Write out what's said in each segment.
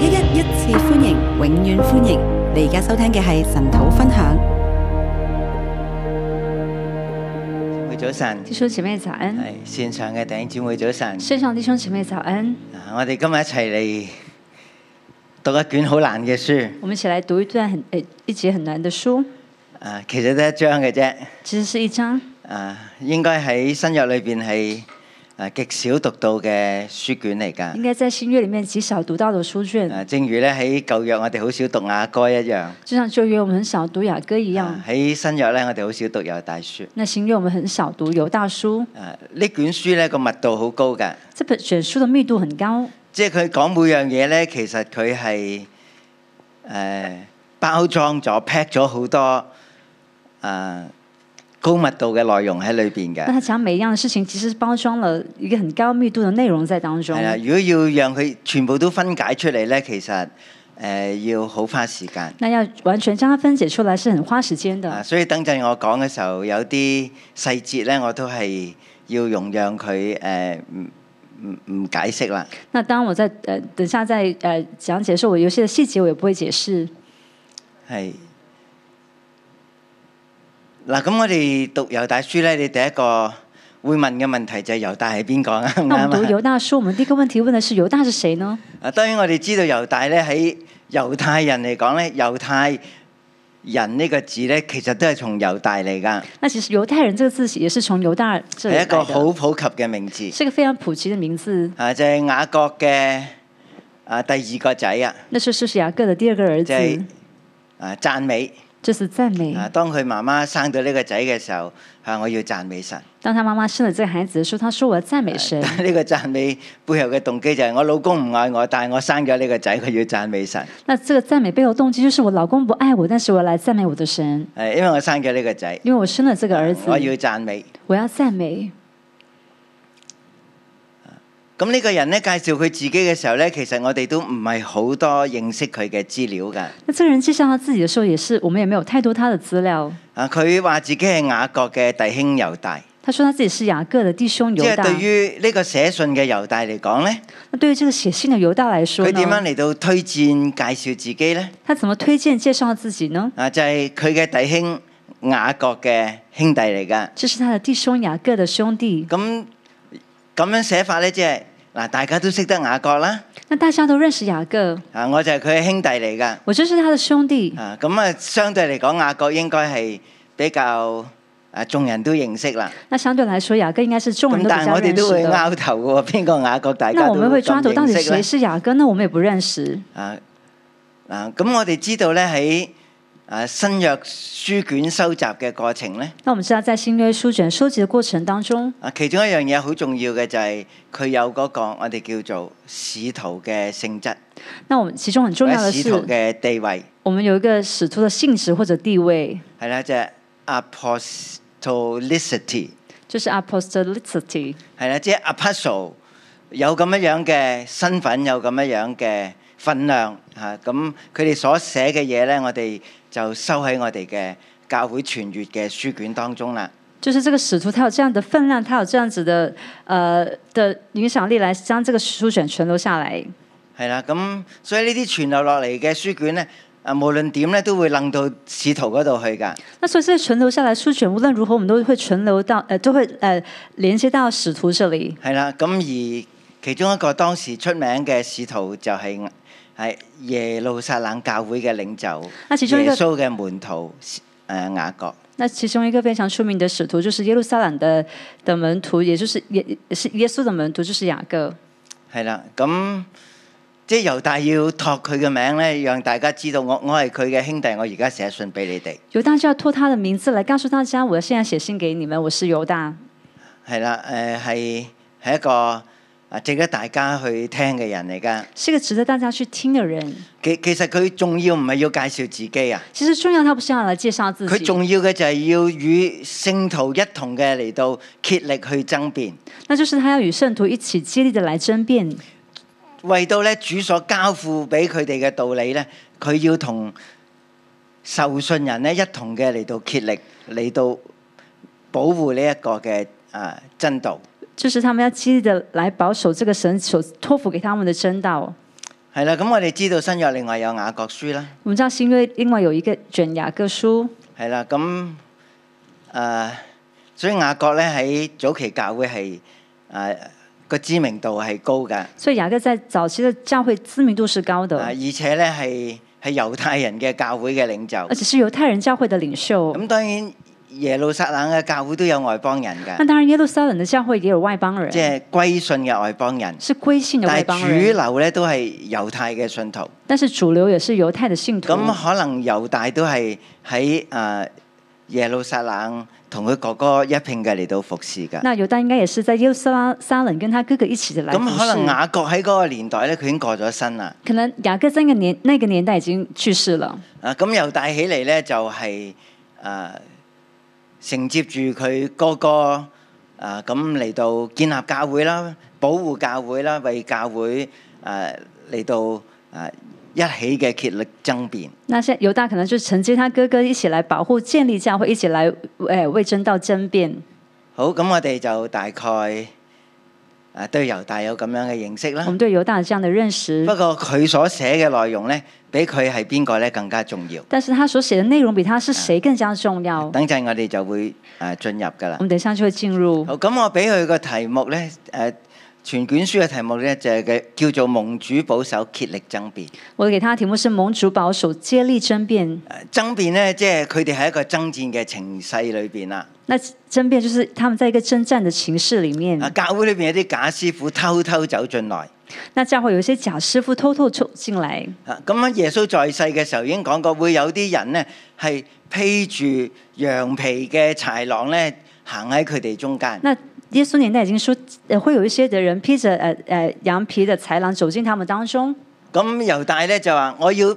一一一次歡迎，永遠歡迎！你而家收聽嘅係神土分享會。早晨，弟兄姊妹早安，係線上嘅弟兄姊妹早晨，線上弟兄姊妹早安。我哋今日一齊嚟讀一卷好難嘅書。我們一起來讀一段、呃、一節很難的書。啊，其實得一章嘅啫。其實是一章。啊，應該喺新約裏邊係。誒、啊，極少讀到嘅書卷嚟噶應該在新約裏面極少讀到嘅書卷。誒、啊，正如咧喺舊約我哋好少讀雅歌一樣。就像舊約我們很少讀雅歌一樣。喺新約咧，我哋好少讀猶大書。那新約我們很少讀猶大書。誒，呢卷書咧個密度好高嘅。即本卷書嘅密度很高。即係佢講每樣嘢咧，其實佢係誒包裝咗 pack 咗好多啊。呃高密度嘅內容喺裏邊嘅，那佢講每一樣嘅事情，其實包裝了一個很高密度嘅內容在當中。係啊，如果要讓佢全部都分解出嚟咧，其實誒、呃、要好花時間。那要完全將它分解出來，是很花時間的、啊。所以等陣我講嘅時候，有啲細節咧，我都係要容讓佢誒唔唔唔解釋啦。那當我在誒、呃、等下再誒講解時，我有些細節我也不會解釋。係。嗱，咁我哋讀猶大書咧，你第一個會問嘅問題就係猶大係邊個啊？我讀猶大書，我們呢一個問題問的是猶大係誰呢？啊，當然我哋知道猶大咧喺猶太人嚟講咧，猶太人呢個字咧，其實都係從猶大嚟噶。那是猶太人這個字從猶，猶個字也是從猶大這。係一個好普及嘅名字。是一個非常普及嘅名字。啊，就係、是、雅各嘅啊第二個仔啊。那是是雅各嘅第二個兒子。就係、是啊、讚美。就是讚美。嗱、啊，當佢媽媽生咗呢個仔嘅時候，啊，我要讚美神。當他媽媽生咗這個孩子嘅時候，他說我要讚美神。哎、但呢個讚美背後嘅動機就係、是、我老公唔愛我，但係我生咗呢個仔，佢要讚美神。那這個讚美背後動機就是我老公不愛我，但是我來讚美我的神。哎，因為我生咗呢個仔。因為我生了這個兒子。哎、我要讚美。我要讚美。咁、這、呢個人咧，介紹佢自己嘅時候咧，其實我哋都唔係好多認識佢嘅資料噶。那這個、人介紹他自己嘅時候，也是我們也沒有太多他的資料。啊，佢話自己係雅各嘅弟兄猶大。他說他自己是雅各的弟兄猶大。即係對於呢個寫信嘅猶大嚟講咧，那對於這個寫信的猶大來說，佢點樣嚟到推薦介紹自己呢？他怎麼推薦介紹他自己呢？啊，就係佢嘅弟兄雅各嘅兄弟嚟噶。這是他的弟兄雅各的兄弟。咁咁樣寫法咧，即係。嗱，大家都識得雅各啦。那大家都認識雅各。啊，我就係佢兄弟嚟噶。我就是他的兄弟。啊，咁啊，相對嚟講，雅各應該係比較啊，眾人都認識啦。那相對來說，雅各應該是眾人都比較認識。但係我哋都會拗頭噶喎，邊個雅各？大家都會咁認識。那我們會抓到到底誰是雅各？呢，我們也不認識。啊，嗱、啊，咁我哋知道咧喺。誒、啊、新約書卷收集嘅過程咧，那我唔知道在新約書卷收集嘅過程當中，啊，其中一樣嘢好重要嘅就係、是、佢有嗰個我哋叫做使徒嘅性質。那我們其中很重要嘅是使徒嘅地位。我們有一個使徒嘅性質或者地位，係啦，即係 apostolicity，即係 apostolicity，係啦，即係、就是、apostle 有咁樣樣嘅身份，有咁樣樣嘅分量嚇。咁佢哋所寫嘅嘢咧，我哋。就收喺我哋嘅教會傳閱嘅書卷當中啦。就是這個使徒，他有這樣的分量，他有這樣子的，誒、呃、的影響力，來將這個書卷存留下來。係啦，咁所以呢啲存留落嚟嘅書卷咧，啊無論點咧，都會楞到使徒嗰度去㗎。那所以，呢啲存留下來書卷，無論如何，我們都會存留到，誒、呃、都會誒、呃、連接到使徒這裏。係啦，咁而其中一個當時出名嘅使徒就係、是。耶路撒冷教會嘅領袖，耶穌嘅門徒誒、呃、雅各。那其中一個非常出名嘅使徒，就是耶路撒冷的的門徒，也就是也耶，耶穌的門徒，就是雅各。係啦，咁即係猶大要託佢嘅名咧，讓大家知道我我係佢嘅兄弟，我而家寫信俾你哋。猶大就要託他的名字來告訴大家，我現在寫信給你們，我是猶大。係啦，誒係係一個。啊，值得大家去聽嘅人嚟㗎，係個值得大家去聽嘅人。其其實佢重要唔係要介紹自己啊。其實重要，他不是要來介紹自己。佢重要嘅就係要與聖徒一同嘅嚟到竭力去爭辯。那就是他要與聖徒一起竭力地來爭辯，為到咧主所交付俾佢哋嘅道理咧，佢要同受信人咧一同嘅嚟到竭力嚟到保護呢一個嘅啊真道。就是他們要極力的來保守這個神所託付給他們的真道。係啦，咁我哋知道新約另外有雅各書啦。我們知道新約另外有一個卷雅各書。係啦，咁，誒，所以雅各咧喺早期教會係誒個知名度係高噶。所以雅各在早期嘅教、呃、教會知名度是高的。而且咧係係猶太人嘅教會嘅領袖。而且是猶太人教會嘅領袖。咁當然。耶路撒冷嘅教會都有外邦人嘅。那當然耶路撒冷嘅教會也有外邦人，即係歸信嘅外邦人。是歸信嘅外邦人，但係主流咧，都係猶太嘅信徒。但是主流也是猶太嘅信徒。咁、嗯、可能猶大都係喺啊耶路撒冷同佢哥哥一拼嘅嚟到服侍嘅。那猶大應該也是在耶路撒撒冷跟他哥哥一起嚟。咁可能雅各喺嗰個年代咧，佢已經過咗身啦。可能雅各真嘅年，那個年代已經去世了。啊，咁猶大起嚟咧就係、是、啊。呃承接住佢哥哥，啊咁嚟到建立教會啦，保護教會啦，為教會誒嚟、呃、到誒、呃、一起嘅竭力爭辯。那現猶大可能就承接他哥哥一起來保護、建立教會，一起來誒、呃、為真道爭辯。好，咁我哋就大概。啊，對猶大有咁樣嘅認識啦。我們對猶大有這樣嘅認識。不過佢所寫嘅內容咧，比佢係邊個咧更加重要。但係佢所寫嘅內容比他是誰更加重要。啊啊、等陣我哋就會誒進、啊、入㗎啦。我哋等下就會進入。好，咁我俾佢個題目咧誒。啊全卷書嘅題目咧就係嘅叫做蒙主保守竭力爭辯。我哋其他嘅題目是蒙主保守竭力爭辯。爭辯咧即係佢哋喺一個爭戰嘅情勢裏邊啦。那爭辯就是他們在一個征戰嘅情勢裏面。啊，教會裏邊有啲假師傅偷偷走進來。那教會有些假師傅偷偷出進來。啊，咁耶穌在世嘅時候已經講過，會有啲人呢，係披住羊皮嘅豺狼咧行喺佢哋中間。耶穌年代已經說，會有一些的人披着誒誒、呃呃、羊皮的豺狼，走進他們當中。咁猶大咧就話：我要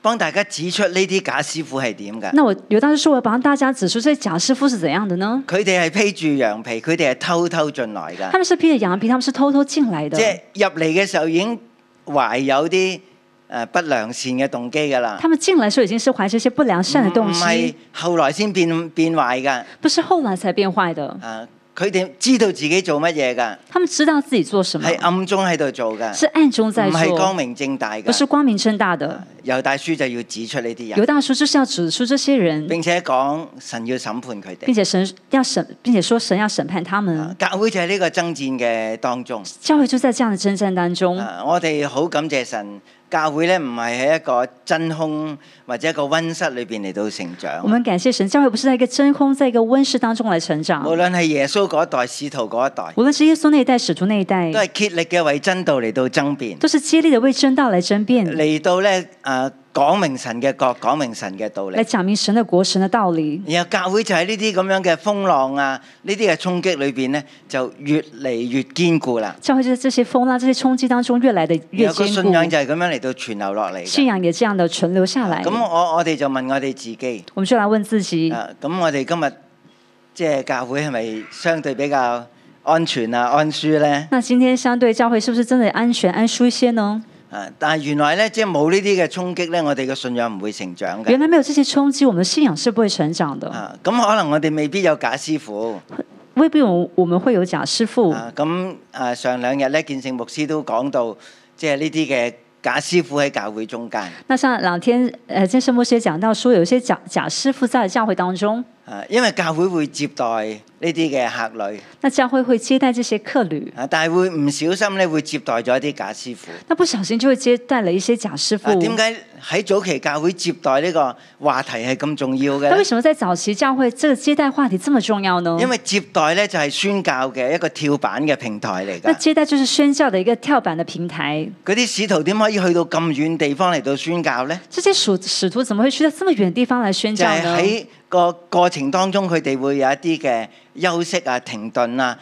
幫大家指出呢啲假師傅係點㗎？那我猶大就話：我幫大家指出啲假師傅是怎樣的呢？佢哋係披住羊皮，佢哋係偷偷進來㗎。他們是披着羊皮，他們是偷偷進來的。即係入嚟嘅時候已經懷有啲誒、呃、不良善嘅動機㗎啦。他們進來時候已經是懷著一些不良善嘅動機，唔係後來先變變壞㗎。不是後來才變壞的。啊。佢哋知道自己做乜嘢噶？他們知道自己做什麼？係暗中喺度做嘅，是暗中在做，唔係光明正大嘅，不是光明正大的。猶大書、呃、就要指出呢啲人，猶大書就是要指出這些人，並且講神要審判佢哋，並且神要審，並且說神要審判他們。教、啊、會就喺呢個爭戰嘅當中，教會就在這樣的爭戰當中。啊、我哋好感謝神。教會咧，唔係喺一個真空或者一個溫室裏邊嚟到成長。我們感謝神，教會不是喺一個真空，喺一個溫室當中嚟成長。無論係耶穌嗰一代、使徒嗰一代，無論是耶穌那一代、使徒那一代，都係竭力嘅為真道嚟到爭辯。都是竭力嘅為真道嚟爭辯。嚟到咧啊！呃講明神嘅國，講明神嘅道理。你講明神嘅國，神嘅道理。然後教會就喺呢啲咁樣嘅風浪啊，呢啲嘅衝擊裏邊咧，就越嚟越堅固啦。教會就喺這些風浪、這些衝擊當中，越來越堅固。有個信仰就係咁樣嚟到存留落嚟。信仰也這樣的存留下來。咁、啊、我我哋就問我哋自己。我們需要問自己。啊，咁我哋今日即係教會係咪相對比較安全啊、安舒咧？那今天相對教會是不是真的安全、安舒一些呢？但係原來咧，即係冇呢啲嘅衝擊咧，我哋嘅信仰唔會成長嘅。原來沒有這些衝擊，我們的信仰是不會成長的。啊！咁可能我哋未必有假師傅，未必我我們會有假師傅。啊！咁啊，上兩日咧，建聖牧師都講到，即係呢啲嘅假師傅喺教會中間。那上兩天，誒，建聖牧師講到說，有一些假假師傅在教會當中。啊，因為教會會接待呢啲嘅客旅。那教會會接待這些客旅。啊，但係會唔小心咧，會接待咗一啲假師傅。那不小心就會接待了一些假師傅。啊，點解喺早期教會接待呢個話題係咁重要嘅？那為什麼在早期教會這這，教會這個接待話題這麼重要呢？因為接待咧就係宣教嘅一個跳板嘅平台嚟㗎。那接待就是宣教嘅一個跳板嘅平台。嗰啲使徒點可以去到咁遠地方嚟到宣教咧？這些使徒怎麼會去到這麼遠地方嚟宣教喺個過程當中，佢哋會有一啲嘅休息啊、停頓啊，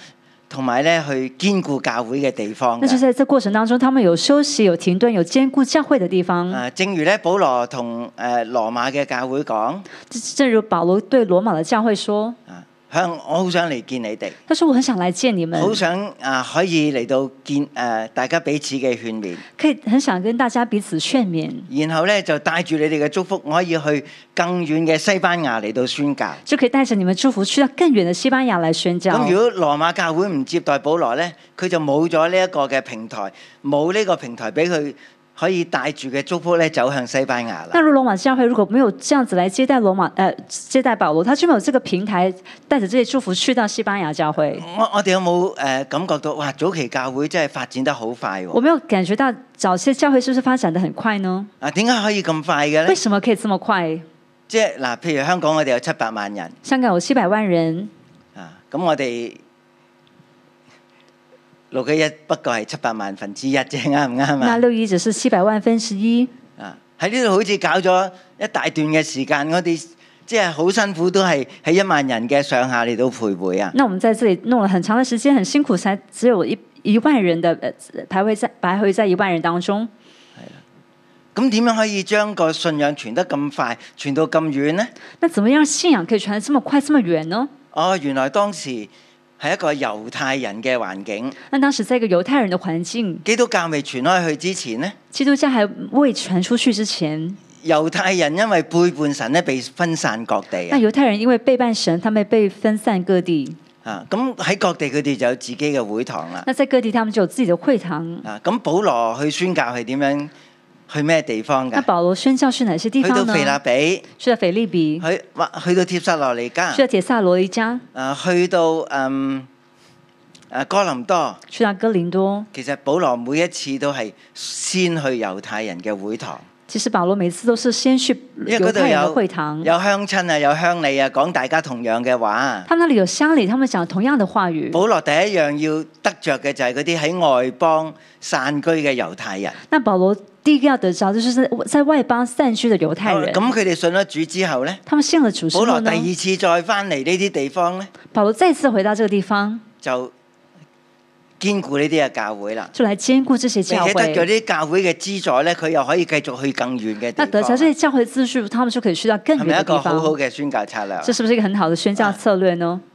同埋咧去堅固教會嘅地方。那就喺呢個過程當中，他們有休息、啊、停頓啊、有停頓、有堅固教會嘅地方。啊，正如咧，保羅同誒羅馬嘅教會講，正如保羅對羅馬的教會說。我好想嚟見你哋。但是我很想嚟見你們。好想啊，可以嚟到見誒、啊、大家彼此嘅勸勉。可以很想跟大家彼此勸勉。然後呢就帶住你哋嘅祝福，我可以去更遠嘅西班牙嚟到宣教。就可以帶着你們祝福去到更遠的西班牙嚟宣教。咁如果羅馬教會唔接待保羅呢，佢就冇咗呢一個嘅平台，冇呢個平台俾佢。可以帶住嘅祝福咧，走向西班牙啦。那羅馬教會如果沒有這樣子來接待羅馬，誒、呃，接待保羅，他就沒有這個平台，帶着這些祝福去到西班牙教會。我我哋有冇誒、呃、感覺到，哇，早期教會真係發展得好快，哦。我沒有感覺到早期教會是不是發展得很快呢？啊，點解可以咁快嘅咧？為什麼可以這麼快？即係嗱，譬如香港，我哋有七百萬人。香港有七百萬人。啊，咁、嗯、我哋。六幾一,一不過係七百萬分之一啫，啱唔啱啊？那六一就是七百萬分之一。啊，喺呢度好似搞咗一大段嘅時間，我哋即係好辛苦，都係喺一萬人嘅上下嚟到徘徊。啊。那我們在這裡弄了很長嘅時間，很辛苦，才只有一一萬人的徘徊，在徘徊在一萬人當中。係啦。咁點樣可以將個信仰傳得咁快，傳到咁遠呢？那怎麼樣信仰可以傳得這麼快、這麼遠呢？哦，原來當時。係一個猶太人嘅環境。那當時在一個猶太人嘅環境，基督教未傳開去之前呢？基督教還未傳出去之前，猶太人因為背叛神咧，被分散各地。那猶太人因為背叛神，他們被分散各地。啊，咁喺各地，佢哋就有自己嘅會堂啦。那在各地他們就有自己嘅會堂。啊，咁保羅去宣教係點樣？去咩地方㗎？那保羅宣教去哪些地方呢？去到腓立比，去到腓立比，去去到帖撒羅尼加，去到帖撒羅尼加。誒，去到誒誒、嗯、哥林多，去到哥林多。其實，保羅每一次都係先去猶太人嘅會堂。其實保羅每次都是先去猶太人的會堂，因為那裡有，有鄉親啊，有鄉里啊，講大家同樣嘅話。佢哋有鄉里，他們講同樣嘅話語。保羅第一樣要得着嘅就係嗰啲喺外邦散居嘅猶太人。那保羅第一個要得着，就是在外邦散居嘅猶太人。咁佢哋信咗主之後咧？他們信了主，保羅第二次再翻嚟呢啲地方咧？保羅再次回到這個地方就。兼顧呢啲嘅教會啦，就嚟兼顧這些教會。而且得咗啲教會嘅資助咧，佢又可以繼續去更遠嘅地方。那得咗這些教會資助，他們就可以去到更遠嘅地方。係咪一個好好嘅宣教策略？這是不是一個很好的宣教策略呢？啊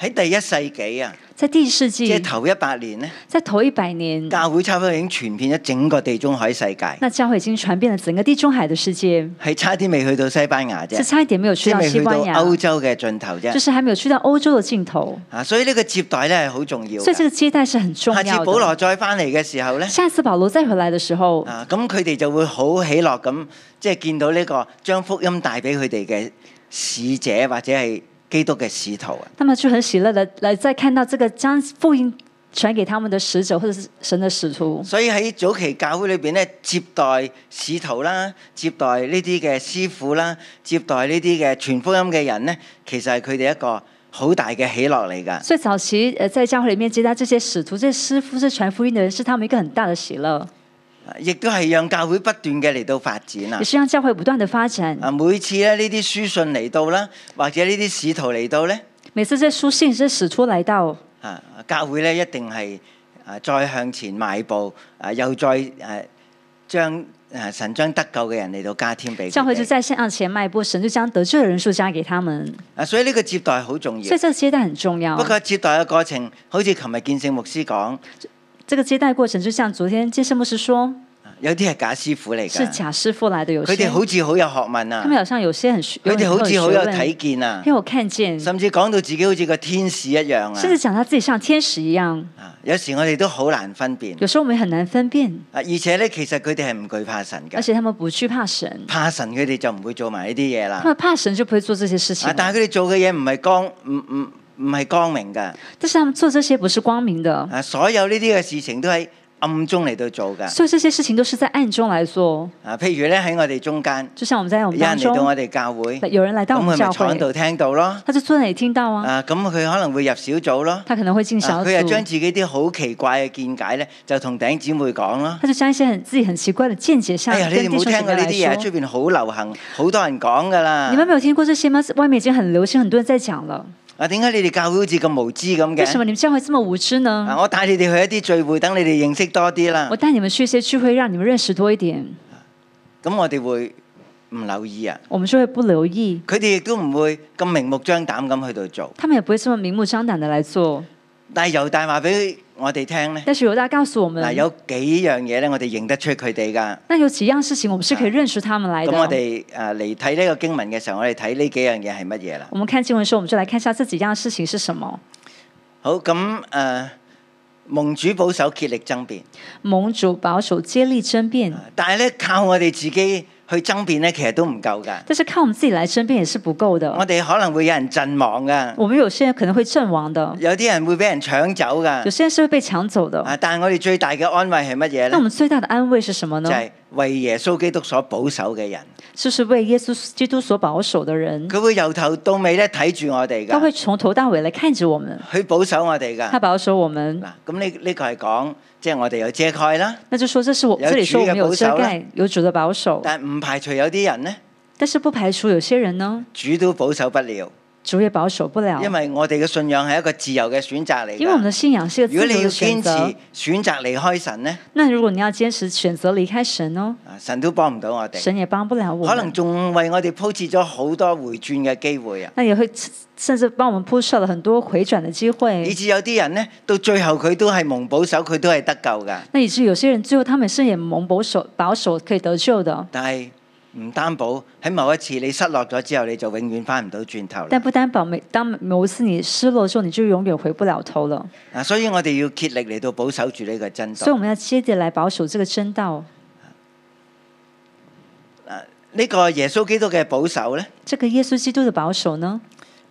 喺第一世紀啊，即在第一世紀，即係頭一百年咧，在頭一百年，教會差唔多已經傳遍咗整個地中海世界。那教會已經傳遍咗整個地中海嘅世界，係差啲未去到西班牙啫，係差一點沒有去到西班牙，歐洲嘅盡頭啫，就是還沒有去到歐洲嘅盡頭啊！所以呢個接待咧係好重要。所以呢個接待是很重要。下次保羅再翻嚟嘅時候咧，下次保羅再回來嘅時候啊，咁佢哋就會好喜樂咁，即係見到呢個將福音帶俾佢哋嘅使者或者係。基督嘅使徒啊，那麼就很喜樂地來再看到這個將福音傳給他們的使者，或者是神的使徒。所以喺早期教會裏邊呢，接待使徒啦，接待呢啲嘅師傅啦，接待呢啲嘅傳福音嘅人呢，其實係佢哋一個好大嘅喜樂嚟㗎。所以早期誒，在教會裏面接待這些使徒、這些師傅、這傳福音嘅人，是他們一個很大的喜樂。亦都係讓教會不斷嘅嚟到發展啊！也是讓教會不斷嘅發展啊！每次咧呢啲書信嚟到啦，或者呢啲使徒嚟到咧，每次即書信即使徒嚟到，啊，教會咧一定係啊再向前邁步啊，又再誒將誒神將得救嘅人嚟到加添俾教會就再向前邁步，將神就將得救嘅人數加給他們啊！所以呢個接待好重要，所以這個接待很重要。不過接待嘅過程，好似琴日見聖牧師講。這個接待過程，就像昨天接身牧師說，有啲係假師傅嚟，是假師傅嚟的。有佢哋好似好有學問啊，他們好像有些很，佢哋好似好有體見啊，我看見，甚至講到自己好似個天使一樣啊，甚至講到自己像天使一樣啊。有時我哋都好難分辨，啊、有時候我們很難分辨啊。而且咧，其實佢哋係唔懼怕神嘅，而且他們不懼怕神，怕神佢哋就唔會做埋呢啲嘢啦，他們怕神就不會做這些事情，啊，但係佢哋做嘅嘢唔係光唔唔。嗯嗯唔係光明嘅，但是佢做這些不是光明的。啊，所有呢啲嘅事情都喺暗中嚟到做嘅。所以這些事情都是在暗中嚟做。啊，譬如咧喺我哋中間，就像我哋，有人嚟到我哋教會，有人嚟到我哋教會，坐喺度聽到咯。佢就坐嚟聽到啊。咁佢可能會入小組咯。他可能會進小組。佢又將自己啲好奇怪嘅見解咧，就同頂姊妹講咯。佢就將一些很自己很奇怪嘅見解向、哎、你哋冇聽過呢啲嘢？出邊好流行，好多人講噶啦。你們沒有聽過這些嗎？外面已經很流行，很多人在講了。啊，點解你哋教會好似咁無知咁嘅？為什麼你們教會這麼無知呢？我帶你哋去一啲聚會，等你哋認識多啲啦。我帶你們去一些聚會，讓你們認識多一點。咁我哋會唔留意啊？我們就會不留意。佢哋亦都唔會咁明目張膽咁去到做。他們也不會這麼明目張膽的來做。但由大油大話俾。我哋聽咧，但係如果大家告訴我們，嗱有幾樣嘢咧，我哋認得出佢哋噶。那有幾樣事情，我們是可以認識他們來的。咁我哋誒嚟睇呢個經文嘅時候，我哋睇呢幾樣嘢係乜嘢啦？我們看經文書，我們就來看下這幾樣事情是什麼。好，咁誒、呃，蒙主保守竭力爭辯，蒙主保守接力爭辯，但係咧靠我哋自己，去爭辯咧，其實都唔夠噶。但是靠我們自己來爭辯也是不夠的。我哋可能會有人陣亡噶。我們有些人可能會陣亡的。有啲人會俾人搶走噶。有些人是會被搶走的。啊！但係我哋最大嘅安慰係乜嘢咧？我們最大的安慰是什麼呢？就係為耶穌基督所保守嘅人。就是為耶穌基督所保守嘅人。佢會由頭到尾咧睇住我哋噶。他會從頭到尾嚟看住我們。去保守我哋噶。他保守我們。咁呢？呢個係講。即係我哋有遮蓋啦，那就說這是我，我這裡說我們有遮蓋，有主的保守，但唔排除有啲人咧，但是不排除有些人呢，主都保守不了。主也保守不了，因為我哋嘅信仰係一個自由嘅選擇嚟。因為我哋的信仰是個自由嘅選擇。如果你要堅持選擇離開神呢？那如果你要堅持選擇離開神咯，神都幫唔到我哋，神也幫不了我。可能仲為我哋鋪設咗好多回轉嘅機會啊！那也會甚至幫我們鋪設了很多回轉嘅機會。以致有啲人呢，到最後佢都係蒙保守，佢都係得救㗎。那以致有些人最後他們雖然蒙保守，保守可以得救的。但唔擔保喺某一次你失落咗之後，你就永遠翻唔到轉頭了。但不擔保每當某次你失落之後，你就永遠回不了頭了。啊，所以我哋要竭力嚟到保守住呢個真道。所以我們要竭力來保守這個真道。呢個耶穌基督嘅保守呢？這個耶穌基督嘅保守呢？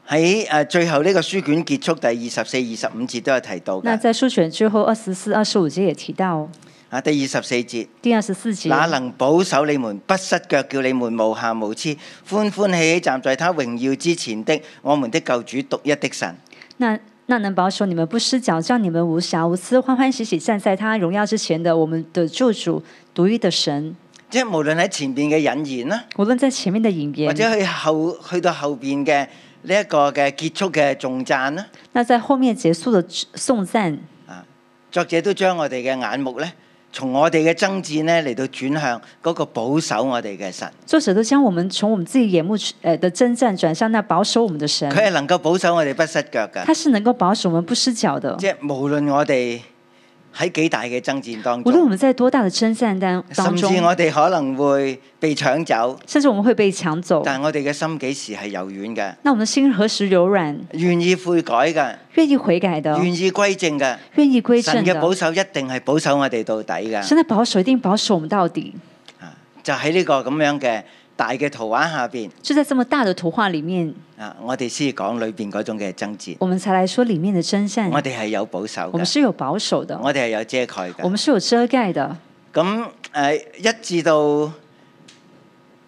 喺誒最後呢個書卷結束第二十四、二十五節都有提到嘅。那在書卷最後二十四、二十五節也提到。啊，第二十四節。第二十四節，那能保守你們不失腳，叫你們無瑕無疵，歡歡喜喜,無無歡歡喜喜站在他榮耀之前的，我們的救主獨一的神。那那能保守你們不失腳，叫你們無瑕無疵，歡歡喜喜站在他榮耀之前的，我們的救主獨一的神。即係無論喺前面嘅引言啦，無論在前面的引言，或者去後去到後邊嘅呢一個嘅結束嘅頌讚啦。那在後面結束嘅頌讚，啊，作者都將我哋嘅眼目咧。從我哋嘅爭戰咧嚟，到轉向嗰個保守我哋嘅神。作者都將我們從我們自己眼目的爭戰轉向到保守我們的神。佢係能夠保守我哋不失腳嘅。他是能夠保守我們不失腳的。即係無論我哋。喺幾大嘅爭戰當中，無論我們在多大的爭戰當中，甚至我哋可能會被搶走，甚至我們會被搶走。但係我哋嘅心幾時係柔軟嘅？那我們的心何時柔軟？願意悔改嘅，願意悔改的，願意歸正嘅，願意歸正。神嘅保守一定係保守我哋到底嘅，神嘅保守一定保守我們到底。啊，就喺呢個咁樣嘅。大嘅圖畫下邊，就在這麼大的圖畫裏面啊，我哋先講裏邊嗰種嘅真摯。我們才來說裏面的真相。我哋係有保守嘅，我們是有保守的。我哋係有遮蓋嘅，我們是有遮蓋的。咁、嗯、誒、啊，一至到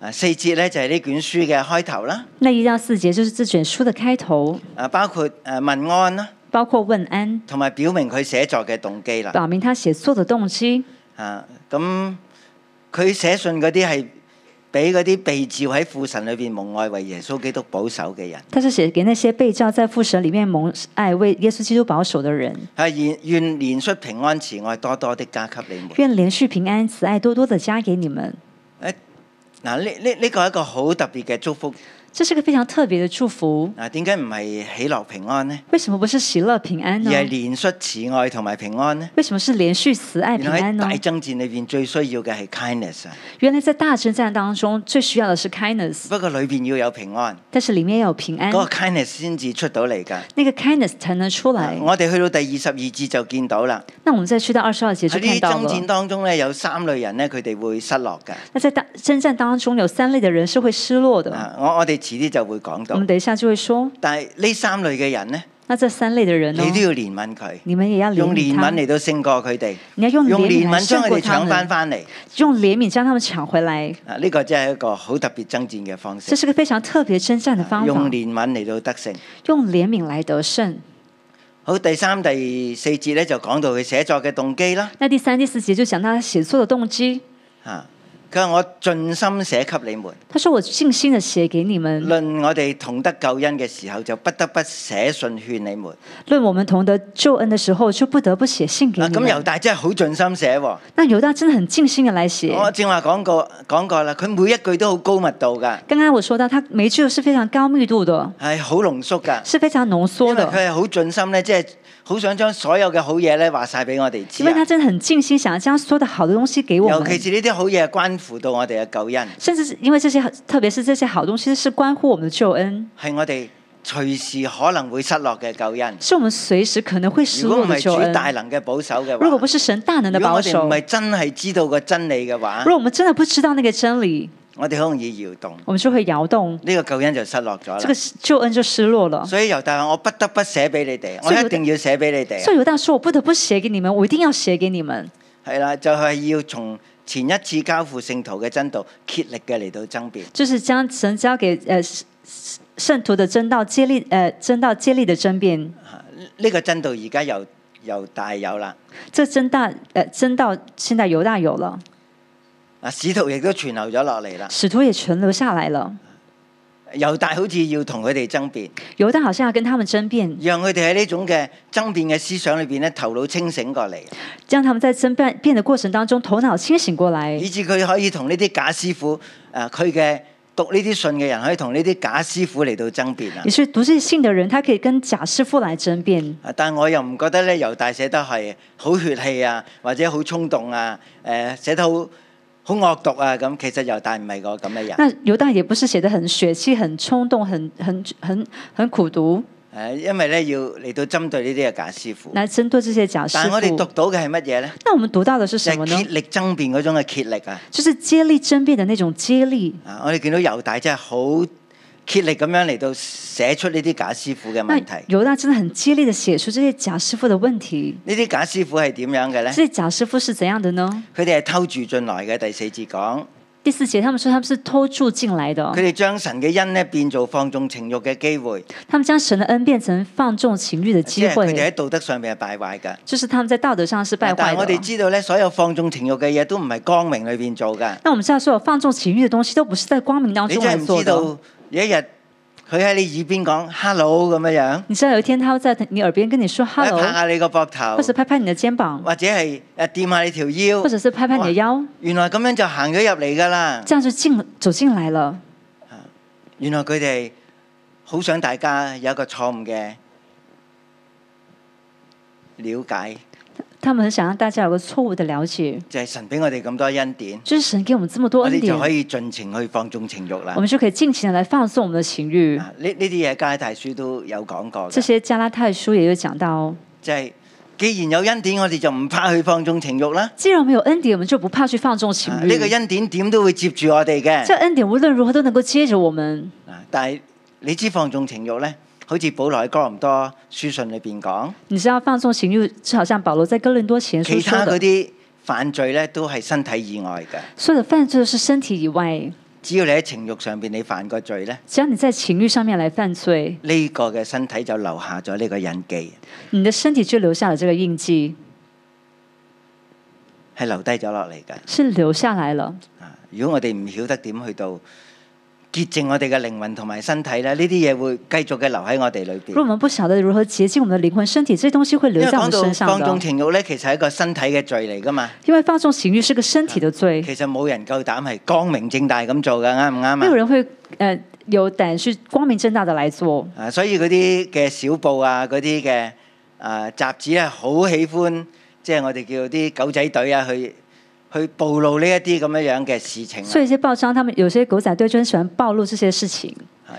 啊四節咧，就係呢卷書嘅開頭啦。那一到四節就是這卷書的開頭。啊，包括誒問安啦，包括問安，同埋表明佢寫作嘅動機啦。表明他寫作嘅動機。啊、咁、嗯、佢寫信嗰啲係。俾嗰啲被召喺父神裏邊蒙愛為耶穌基督保守嘅人，他是寫給那些被召在父神裏面蒙愛為耶穌基督保守的人。係願願連續平安慈愛多多的加給你們，願連續平安慈愛多多的加給你們。誒，嗱呢呢呢個係一個好特別嘅祝福。這是個非常特別的祝福。嗱，點解唔係喜樂平安呢？為什麼不是喜樂平安呢？而係憐恤慈愛同埋平安呢？為什麼是憐恤慈愛平安呢？原來大征戰裏邊最需要嘅係 kindness。原來在大征戰當中最需要嘅是 kindness。不過裏邊要有平安。但是裏面要有平安。嗰、那個 kindness 先至出到嚟噶。那個 kindness 才能出來。啊、我哋去到第二十二節就見到啦。那我們再去到二十二節就看到。喺征戰當中咧，有三類人咧，佢哋會失落嘅。那、啊、在大征戰當中有三類嘅人是會失落的。啊、我我哋。遲啲就會講到。我哋等一下就會說。但係呢三類嘅人呢？那這三類的人，哦，你都要憐憫佢。你們也要憐憫佢哋。用憐憫嚟到勝過佢哋。你要用憐憫勝過佢哋。用憐憫將佢哋搶翻翻嚟。用憐憫將佢哋搶回來。啊，呢個真係一個好特別征戰嘅方式。這是個非常特別征戰嘅方法。用憐憫嚟到得勝。用憐憫嚟得勝。好，第三第四節咧就講到佢寫作嘅動機啦。那第三第四節就講到他寫作嘅動機。啊。佢話我盡心寫給你們。他說我盡心的寫給你們。論我哋同得救恩嘅時候，就不得不寫信勸你們。論我們同得救恩的時候，就不得不寫信給你們。咁、啊嗯、猶大真係好盡心寫、哦。那猶大真的很盡心嘅來寫。我正話講過講過啦，佢每一句都好高密度噶。剛剛我說到，他每一句是非常高密度的。係、哎、好濃縮噶。是非常濃縮。因為佢係好盡心咧，即係。好想將所有嘅好嘢咧，話晒俾我哋知。因為他真的很盡心，想要將所有的好嘅東西給我們。尤其是呢啲好嘢，關乎到我哋嘅救恩。甚至因為這些，特別是這些好東西，是關乎我們的救恩。係我哋隨時可能會失落嘅救恩。是我們隨時可能會失落嘅救恩。如果唔係主大能嘅保守嘅話，如果不是神大能嘅保守，如果我們唔係真係知道個真理嘅話，如果我們真的不知道那個真理。我哋好容易搖動，我們就去搖動。呢、這個救恩就失落咗，呢、這個救恩就失落了。所以猶大我不得不寫俾你哋，我一定要寫俾你哋。所以猶大說我不得不寫給你們，我一定要寫給你們。係啦、啊，就係、是、要從前一次交付聖徒嘅真道竭力嘅嚟到爭辯。就是將神交給誒、呃、聖徒嘅真道竭力誒、呃、真道竭力的爭辯。呢、這個真道而家又又大有啦。這真大誒真道現在猶大有了。啊！使徒亦都存留咗落嚟啦。使徒也存留下來了。猶大好似要同佢哋爭辯。猶大好像要跟他們爭辯，讓佢哋喺呢種嘅爭辯嘅思想裏邊咧，頭腦清醒過嚟。將他們在爭辯辯的過程當中，頭腦清醒過來。以至佢可以同呢啲假師傅，誒，佢嘅讀呢啲信嘅人，可以同呢啲假師傅嚟到爭辯啊。於是讀信嘅人，他可以跟假師傅嚟爭辯。但係我又唔覺得咧，猶大寫得係好血氣啊，或者好衝動啊，誒，寫得好。好惡毒啊！咁其實猶大唔係個咁嘅人。那猶大也不是寫得很血氣、很衝動、很、很、很、很苦毒。誒，因為咧要嚟到針對呢啲嘅假師傅。嚟針對這些假師傅。但我哋讀到嘅係乜嘢咧？那我們讀到嘅是什麼呢？係竭力爭辯嗰種嘅竭力啊！就是竭力爭辯的那種竭力。啊！我哋見到猶大真係好。竭力咁樣嚟到寫出呢啲假師傅嘅問題。猶大真的很激烈地寫出這些假師傅的問題。呢啲假師傅係點樣嘅呢？即係假師傅是怎樣的呢？佢哋係偷住進來嘅。第四節講第四節，他們說他們是偷住進來的。佢哋將神嘅恩呢變做放縱情慾嘅機會。他們將神的恩變成放縱情慾的機會。佢哋喺道德上面係敗壞嘅。就是他們在道德上是敗壞。但係我哋知道呢，所有放縱情慾嘅嘢都唔係光明裏邊做嘅。但我們知道，所有放縱情慾的，的，的東西都不是在光明當中的，你知道。有一日，佢喺你耳邊講 Hello 咁樣樣。你有一天，他會在你耳邊跟你說 Hello，你或者拍拍你的肩膀，或者係誒掂下你條腰，或者是拍拍你的腰。原來咁樣就行咗入嚟㗎喇。這樣就進走進來了。原來佢哋好想大家有一個錯誤嘅了解。他們很想讓大家有個錯誤的了解。就係神俾我哋咁多恩典。就是神給我們這麼多恩典，我哋就可以盡情去放縱情欲啦。我們就可以盡情地來放縱我們的情欲。呢呢啲嘢，加拉太書都有講過。這些加拉太書也有講到。就係既然有恩典，我哋就唔怕去放縱情欲啦。既然我有恩典，我們就不怕去放縱情欲。呢、啊這個恩典點都會接住我哋嘅。即係恩典無論如何都能夠接住我們、啊。但係你知放縱情欲咧？好似保羅喺哥林多書信裏邊講，你知道放縱情慾，就好像保羅在哥林多前其他嗰啲犯罪咧，都係身體以外嘅。所以犯罪是身體以外。只要你喺情慾上邊你犯過罪咧，只要你在情慾上面嚟犯，犯罪，呢、這個嘅身體就留下咗呢個印記。你的身體就留下咗呢個印記，係留低咗落嚟嘅，是留下來了。如果我哋唔曉得點去到。潔淨我哋嘅靈魂同埋身體咧，呢啲嘢會繼續嘅留喺我哋裏邊。如果我們不曉得如何潔淨我們嘅靈魂、身體，這東西會留在我們身上。放縱情欲咧，其實係一個身體嘅罪嚟噶嘛。因為放縱情欲是個身體嘅罪。其實冇人夠膽係光明正大咁做噶，啱唔啱啊？沒有人會誒、呃、有膽去光明正大的嚟做。啊，所以嗰啲嘅小報啊，嗰啲嘅啊雜誌咧，好喜歡即係我哋叫啲狗仔隊啊去。去暴露呢一啲咁樣樣嘅事情。所以啲報章，他們有些狗仔隊就喜歡暴露這些事情。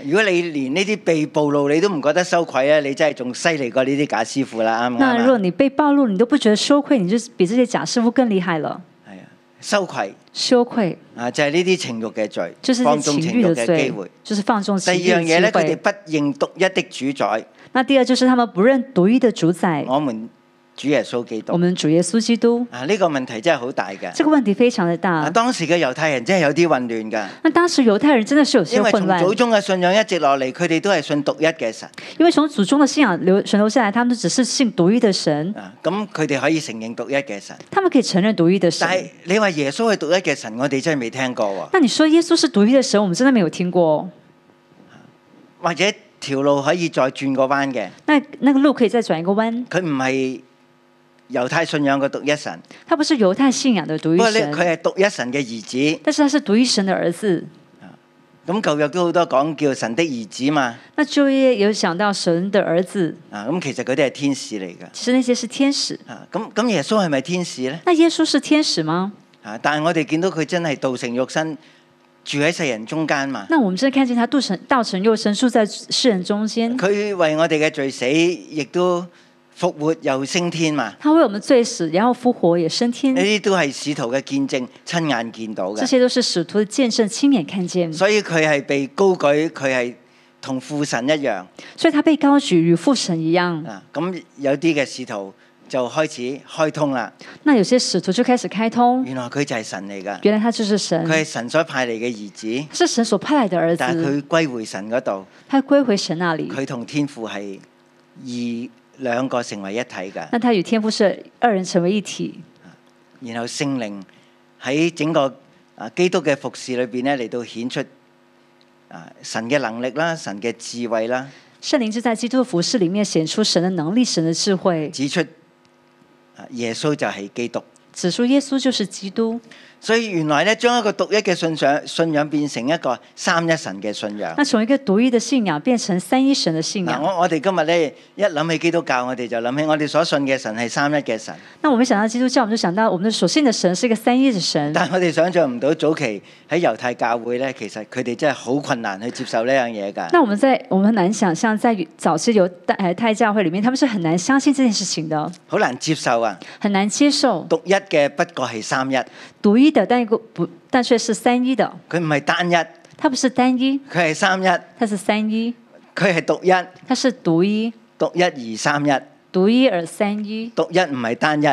如果你連呢啲被暴露你都唔覺得羞愧咧，你真係仲犀利過呢啲假師傅啦，啱唔啱啊？那如果你被暴露，你都不覺得羞愧，你就比這些假師傅更厲害了。係啊，羞愧，羞愧。啊，就係呢啲情慾嘅罪，放縱情慾嘅罪。就是放縱情慾嘅機會。第二樣嘢咧，佢哋不認獨一的主宰。那第二就是他們不認獨一的主宰。我們。主耶穌基督，我們主耶穌基督啊！呢個問題真係好大嘅。這個問題非常的大。啊，當時嘅猶太人真係有啲混亂噶。那當時猶太人真的是有啲混亂。因為從祖宗嘅信仰一直落嚟，佢哋都係信獨一嘅神。因為從祖宗嘅信仰流傳留下來，他們都只是信獨一嘅神。啊，咁佢哋可以承認獨一嘅神。他們可以承認獨一嘅神。但係你話耶穌係獨一嘅神，我哋真係未聽過。那你說耶穌是獨一嘅神，我們真的沒有聽過。啊、或者條路可以再轉個彎嘅。那那個路可以再轉一個彎。佢唔係。猶太信仰嘅獨一神，他不是猶太信仰的獨一神。佢係獨一神嘅兒子。但是他是獨一神的兒子。咁舊約都好多講叫神的兒子嘛？那舊約有想到神的兒子啊？咁其實佢哋係天使嚟㗎。其實那些是天使啊？咁咁耶穌係咪天使咧？那耶穌是天使嗎？啊！但係我哋見到佢真係道成肉身，住喺世人中間嘛？那我們真係看見他道成道成肉身住在世人中間。佢為我哋嘅罪死，亦都復活又升天嘛？他為我們罪死，然後復活也升天。呢啲都係使徒嘅見證，親眼見到嘅。這些都是使徒嘅見證，親眼看見。所以佢係被高舉，佢係同父神一樣。所以，他被高舉與父神一樣。啊，咁有啲嘅使徒就開始開通啦。那有些使徒就開始開通。原來佢就係神嚟噶。原來他就是神。佢係神所派嚟嘅兒子。是神所派嚟的，的兒子。但係佢歸回神嗰度。他歸回神那裏。佢同天父係二。兩個成為一體嘅，那他與天父是二人成為一體，然後聖靈喺整個基督嘅服侍裏邊咧嚟到顯出神嘅能力啦，神嘅智慧啦。聖靈就在基督服侍裡面顯出神嘅能力、神嘅智慧。指出耶穌就係基督。指出耶穌就是基督。所以原來咧，將一個獨一嘅信仰信仰變成一個三一神嘅信仰。那從一個獨一嘅信仰變成三一神嘅信仰。我我哋今日咧一諗起基督教我，我哋就諗起我哋所信嘅神係三一嘅神。那我哋想到基督教，我們就想到我們所信嘅神是一個三一嘅神。但係我哋想象唔到早期喺猶太教會咧，其實佢哋真係好困難去接受呢樣嘢㗎。那我們在我們很難想象在早期猶太教會裏面，他們是很難相信呢件事情的。好難接受啊！很難接受。獨一嘅不過係三一。獨一。但一但卻是三一的。佢唔係單一，他不是單一，佢係三一，他是三一。佢係獨一，他是獨一。獨一而三一，獨一而三一。獨一唔係單一，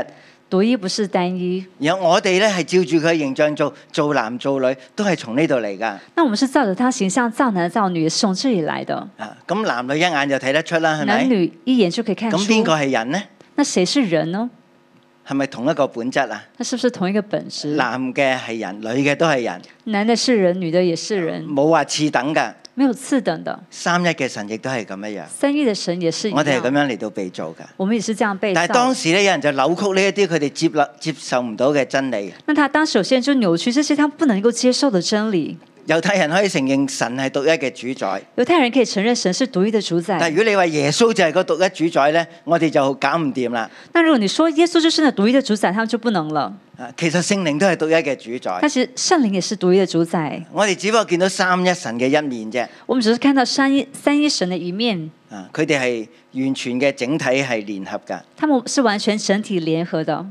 獨一不是單一。然後我哋咧係照住佢形象做，做男做女都係從呢度嚟噶。那我們是照着他形象造男造女，是從這裡來的。啊，咁男女一眼就睇得出啦，係咪？男女一眼就可以看出。咁邊個係人呢？那誰是人呢？係咪同一個本質啊？佢是不是同一個本質？男嘅係人，女嘅都係人。男嘅是人，女嘅也是人。冇話次等噶。沒有次等的。三一嘅神亦都係咁一樣。三一嘅神也是一樣。我哋係咁樣嚟到被造嘅。我們也是這樣被造。但係當時咧，有人就扭曲呢一啲佢哋接立接受唔到嘅真理。那他當時有些人就扭曲這些他不能夠接受的真理。猶太人可以承認神係獨一嘅主宰。猶太人可以承認神是獨一嘅主宰。但如果你話耶穌就係個獨一主宰咧，我哋就搞唔掂啦。但如果你說耶穌就是那個獨一嘅主宰，他們就不能了。啊，其實聖靈都係獨一嘅主宰。其實聖靈也是獨一嘅主宰。我哋只不過見到三一神嘅一面啫。我們只是看到三一三一神嘅一面。啊，佢哋係完全嘅整體係聯合噶。他們是完全整體聯合的。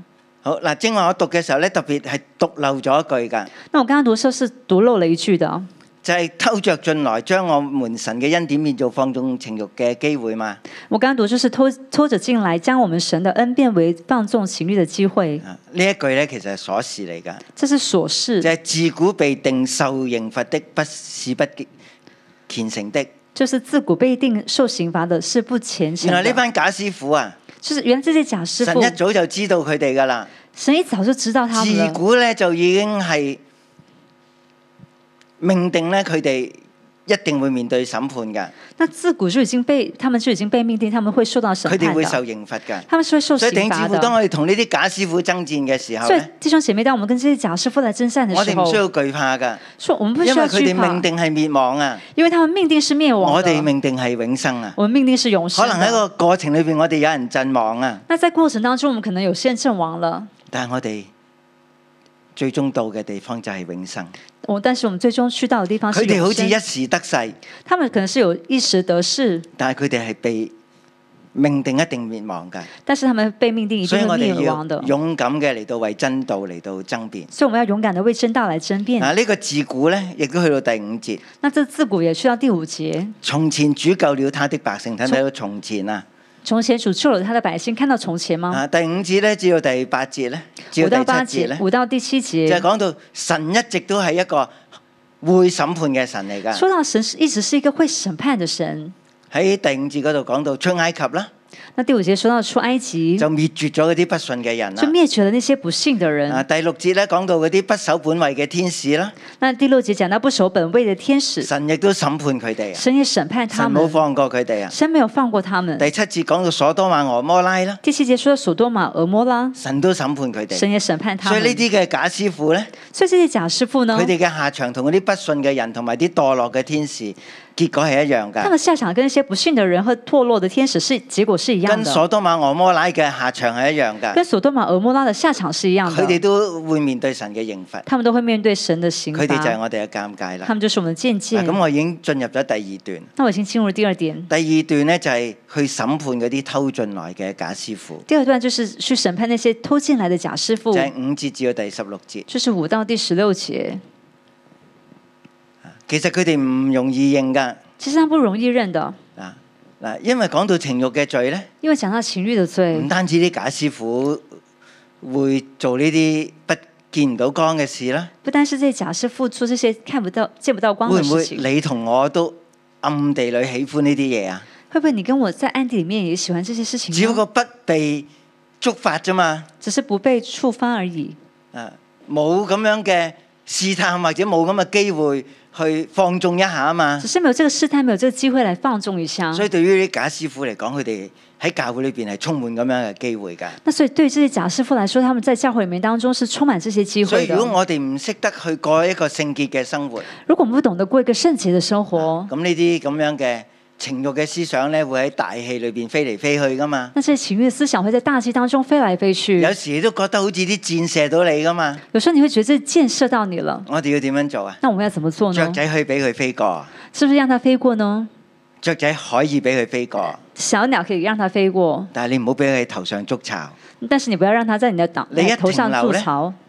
好嗱，正話我讀嘅時候咧，特別係讀漏咗一句噶。那我剛剛讀時候是讀漏了一句的，就係、是、偷着進來將我們神嘅恩典變做放縱情欲嘅機會嘛。我剛剛讀就是偷偷着進來將我們神的恩變為放縱情欲嘅機會。呢一句咧，其實係鎖匙嚟噶。即是鎖匙。就係、是、自古被定受刑罰的，不是不虔誠的。就是自古被定受刑罰的，是不虔誠。原來呢班假師傅啊。就是原來這些假師傅，神一早就知道佢哋噶啦，神一早就知道他們了。自古咧就已經係命定咧佢哋。一定會面對審判噶。那自古就已經被他們就已經被命定，他們會受到審判。佢哋會受刑罰噶。他們會受刑罰。所以頂師傅，當我哋同呢啲假師傅爭戰嘅時候咧，所以弟兄姐妹，當我們跟這啲假師傅在爭戰嘅時候，我哋唔需要懼怕噶。所以我們不需要懼怕。因為佢哋命定係滅亡啊。因為他們命定是滅亡。我哋命定係永生啊。我們命定是永生。可能喺個過程裏邊，我哋有人陣亡啊。那在過程當中，我們可能有先陣亡了。但係我哋。最終到嘅地方就係永生。我、哦，但是我們最終去到嘅地方，佢哋好似一時得勢，他們可能是有一時得勢，但係佢哋係被命定一定滅亡嘅。但是他們被命定一定滅亡的。所以要勇敢嘅嚟到為真道嚟到爭辯，所以我們要勇敢地為真道嚟爭辯。嗱、啊，呢、這個自古咧，亦都去到第五節。那這自古也去到第五節。從前主救了他的百姓，睇睇到從前啊。從前主除了他的百姓，看到從前嗎？啊，第五節呢，至到第八節呢？至到第八節呢？五到第七節就講、是、到神一直都係一個會審判嘅神嚟㗎。說到神一直是一個會審判的神，喺第五節嗰度講到出埃及啦。那第五節說到出埃及，就滅絕咗嗰啲不順嘅人，就滅絕咗呢些不信嘅人啊。第六節咧講到嗰啲不守本位嘅天使啦。那第六節講到不守本位嘅天使，神亦都審判佢哋。神亦審判他們，神冇放過佢哋啊，神沒有放過他們。第七節講到所多瑪俄摩拉啦。第七節說到所多瑪俄摩拉，神都審判佢哋，神也審判他們。所以呢啲嘅假師傅咧，所以即係假師傅呢，佢哋嘅下場同嗰啲不信嘅人，同埋啲墮落嘅天使。結果係一樣嘅。他們下場跟一些不幸的人和墮落的天使是結果是一樣。跟所多瑪俄摩拉嘅下場係一樣嘅。跟所多瑪俄摩拉嘅下場是一樣。佢哋都會面對神嘅刑罰。他們都會面對神嘅刑罰。佢哋就係我哋嘅鑒戒啦。他們就是我們的鑒戒。咁我,、啊、我已經進入咗第二段。那我已經進入第二段。第二段呢，就係去審判嗰啲偷進來嘅假師傅。第二段就是去審判那些偷進來嘅假師傅。就是、五節至到第十六節。就是五到第十六節。其實佢哋唔容易認㗎。其實係不容易認的。嗱嗱，因為講到情欲嘅罪咧。因為講到情欲嘅罪。唔單止啲假師傅會做呢啲不見唔到光嘅事啦。不單是這假師傅做這些看不到、見不到光的事，光的事。會唔會你同我都暗地裏喜歡呢啲嘢啊？會不會你跟我在暗地裏面也喜歡這些事情，啊？只不過不被觸發啫嘛。只是不被觸發而已。啊，冇咁樣嘅。試探或者冇咁嘅機會去放縱一下啊嘛，只是沒有這個試探，沒有這個機會來放縱一下。所以對於啲假師傅嚟講，佢哋喺教會裏邊係充滿咁樣嘅機會㗎。那所以對於這些假師傅來說，他們在教會裡面當中是充滿這些機會。所以如果我哋唔識得去過一個聖潔嘅生活，如果我們不懂得過一個聖潔的生活，咁呢啲咁樣嘅。情慾嘅思想咧，會喺大氣裏邊飛嚟飛去噶嘛？那些情欲思想會在大氣當中飛來飛去。有時都覺得好似啲箭射到你噶嘛？有時候你會覺得箭射到你了。我哋要點樣做啊？那我們要怎麼做呢？雀仔可以俾佢飛過，是不是讓它飛過呢？雀仔可以俾佢飛過，小鳥可以讓它飛過，但係你唔好俾佢喺頭上築巢。但是你不要讓它在你的檔你頭上築巢。你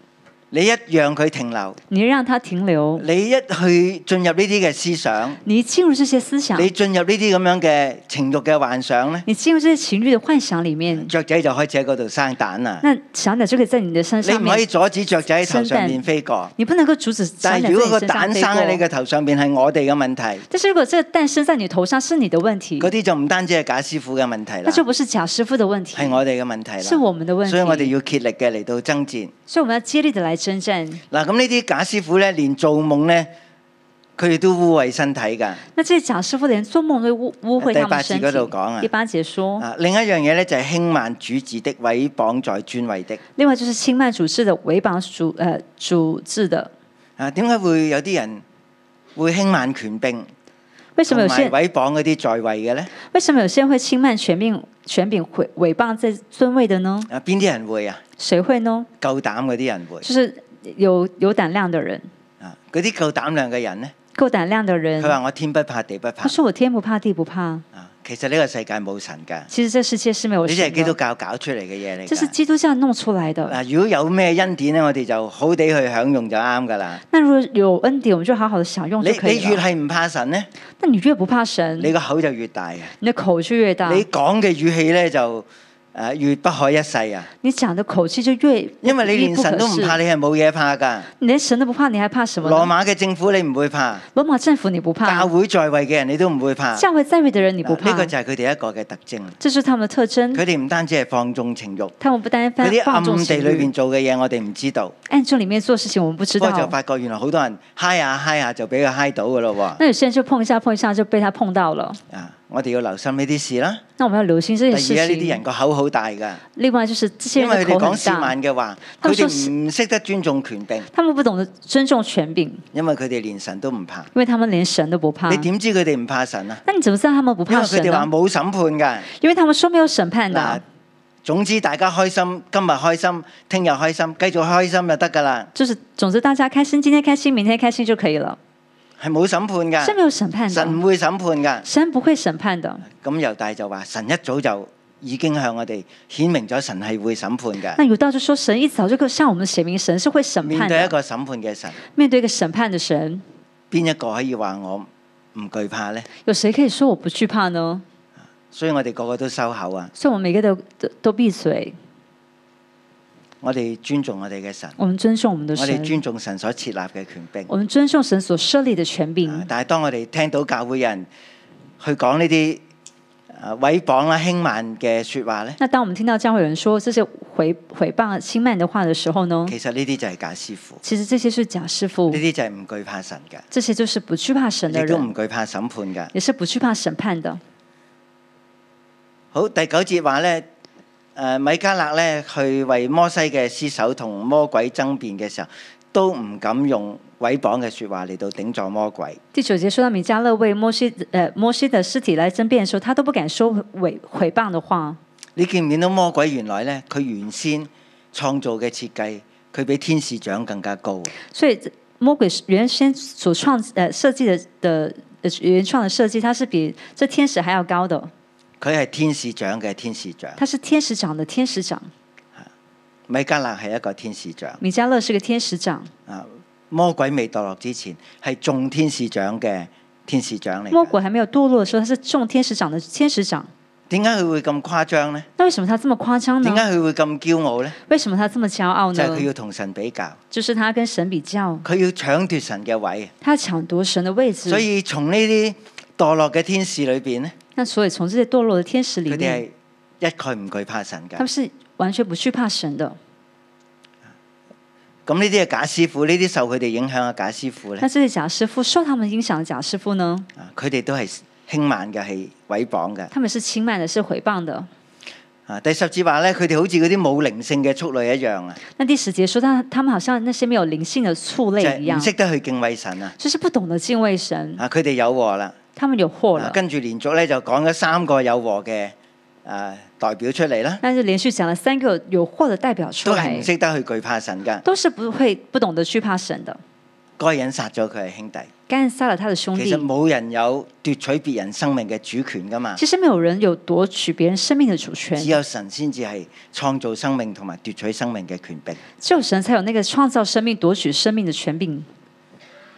你一讓佢停留，你讓它停留。你一去進入呢啲嘅思想，你進入這些思想。你進入呢啲咁樣嘅情慾嘅幻想咧，你進入這些情慾嘅幻，幻想裡面，雀仔就開始喺嗰度生蛋啦。那小鳥就可以在你的身上，你唔可以阻止雀仔喺頭上面飛過。你不能夠阻止。但係如果個蛋生喺你嘅頭上面，係我哋嘅問題。但是如果這個蛋生在你頭上是你嘅問題。嗰啲就唔單止係假師傅嘅問題啦。那就不是假師傅的問題。係我哋嘅問題啦。所以我哋要竭力嘅嚟到爭戰。所以我們要竭力地來。真正。嗱咁呢啲假師傅咧，連做夢咧，佢哋都污穢身體噶。那這假師傅連做夢都污污穢他們的身體。第八節嗰度講啊。第八節書。啊，另一樣嘢咧，就係輕慢主治的，毀謗在尊位的。另外就是輕慢主治的，毀謗主誒主治的。啊，點解會有啲人會輕慢權柄？為什麼有些委棒嗰啲在位嘅咧？為什麼有些會輕慢權柄、權柄毀委棒在尊位的呢？啊，邊啲人會啊？誰會呢？夠膽嗰啲人會，就是有有膽量嘅人。啊，嗰啲夠膽量嘅人呢？夠膽量嘅人，佢話我天不怕地不怕，佢話我天不怕地不怕。啊其實呢個世界冇神噶其實呢個世界是沒有神。呢啲係基督教搞出嚟嘅嘢嚟，這是基督教弄出嚟嘅。嗱，如果有咩恩典咧，我哋就好地去享用就啱噶啦那如果有恩典，我們就好好地享用就可以。你，你越係唔怕神咧，那你越唔怕神，你個口就越大，你個口就越大，你講嘅語氣咧就。啊、越不可一世啊！你想的口氣就越……因為你連神都唔怕，你係冇嘢怕噶。你神都不怕，你還怕什麼？羅馬嘅政府你唔會怕。羅馬政府你不怕？教會在位嘅人你都唔會怕。教會在位嘅人你不怕？呢、啊這個就係佢哋一個嘅特徵。這是他們特徵。佢哋唔單止係放縱情欲，他們不單止放縱情欲，暗地裏邊做嘅嘢，我哋唔知道。暗處裏面做事情，我們不知道。就我道就發覺，原來好多人 high 下 high 下就俾佢 high 到噶咯喎。那有些人就碰一下碰一下就被他碰到了。啊。我哋要留心呢啲事啦。那我們要留心這些事。而家呢啲人個口好大噶。另外就是的，因為佢哋講四萬嘅話，佢哋唔識得尊重權柄。他們不懂得尊重權柄。因為佢哋連神都唔怕。因為他們連神都不怕。你點知佢哋唔怕神啊？那你怎麼知道他們不怕神？因為佢哋話冇審判噶。因為他們說沒有審判的。們判的，總之大家開心，今日開心，聽日開心，繼續開心就得噶啦。就是，總之大家開心，今天開心，明天開心就可以了。係冇審判噶，神唔會審判噶，神不會審判的。咁猶大就話，神一早就已經向我哋顯明咗，神係會審判嘅。但猶大就說，神一早就向我們顯明，神是會審判。面對一個審判嘅神，面對一個審判的神，邊一個可以話我唔懼怕咧？有誰可以說我不懼怕呢？所以我哋個個都收口啊！所以我每個都都都閉嘴。我哋尊重我哋嘅神，我們尊重我們的神，我哋尊重神所設立嘅權柄。我哋尊重神所設立嘅權柄、啊。但係當我哋聽到教會人去講呢啲、呃、毀謗啦、啊、輕慢嘅說話咧，那當我哋聽到教會人說這些毀毀謗輕慢嘅話嘅時候呢？其實呢啲就係假師傅，其實呢啲就是假師傅。呢啲就係唔懼怕神嘅，呢啲就是唔懼怕神的人，亦都唔懼怕審判嘅，也是唔懼怕審判的。好，第九節話咧。誒，米迦勒咧去為摩西嘅屍首同魔鬼爭辯嘅時候，都唔敢用毀謗嘅説話嚟到頂撞魔鬼。第九節說到米迦勒為摩西誒、呃、摩西的屍體來爭辯嘅時候，他都不敢說毀毀謗的話。你見唔見到魔鬼原來咧？佢原先創造嘅設計，佢比天使長更加高。所以魔鬼原先所創誒設計嘅，呃、的原創嘅設計，它是比這天使還要高的。佢係天使長嘅天使長，他是天使長嘅天使長。係，米迦勒係一個天使長。米迦勒是個天使長。啊，魔鬼未墮落之前係眾天使長嘅天使長嚟。魔鬼還沒有墮落嘅時候，他是眾天使長的天使長。點解佢會咁誇張呢？那為什麼他這麼誇張呢？點解佢會咁驕傲呢？為什麼他這麼驕傲呢？就係、是、佢要同神比較，就是他跟神比較。佢要搶奪神嘅位，他搶奪神的位置。所以從呢啲墮落嘅天使裏邊呢。那所以從這些墮落的天使裏面，一概唔懼怕神㗎。他們是完全不懼怕神的。咁呢啲係假師傅，呢啲受佢哋影響嘅假師傅咧。那這些假師傅受他們影響嘅假師傅呢？佢哋都係輕慢嘅，係毀謗嘅。他們是輕慢的，是毀謗的。啊，第十節話咧，佢哋好似嗰啲冇靈性嘅畜類一樣啊。那第十節說到，他們好像那些沒有靈性的畜類一樣，唔識得去敬畏神啊，是是就是不懂得敬畏神啊。佢哋有禍啦。他們有禍了。啊、跟住連續咧就講咗三個有禍嘅誒代表出嚟啦。但是連續講咗三個有禍嘅代表出嚟。都係唔識得去懼怕神噶。都是不會不懂得懼怕神的。該人殺咗佢嘅兄弟。該人殺了他的兄弟。其實冇人有奪取別人生命嘅主權噶嘛。其實沒有人有奪取別人生命嘅主權。只有神先至係創造生命同埋奪取生命嘅權柄。只有神才有那個創造生命、奪取生命嘅權柄。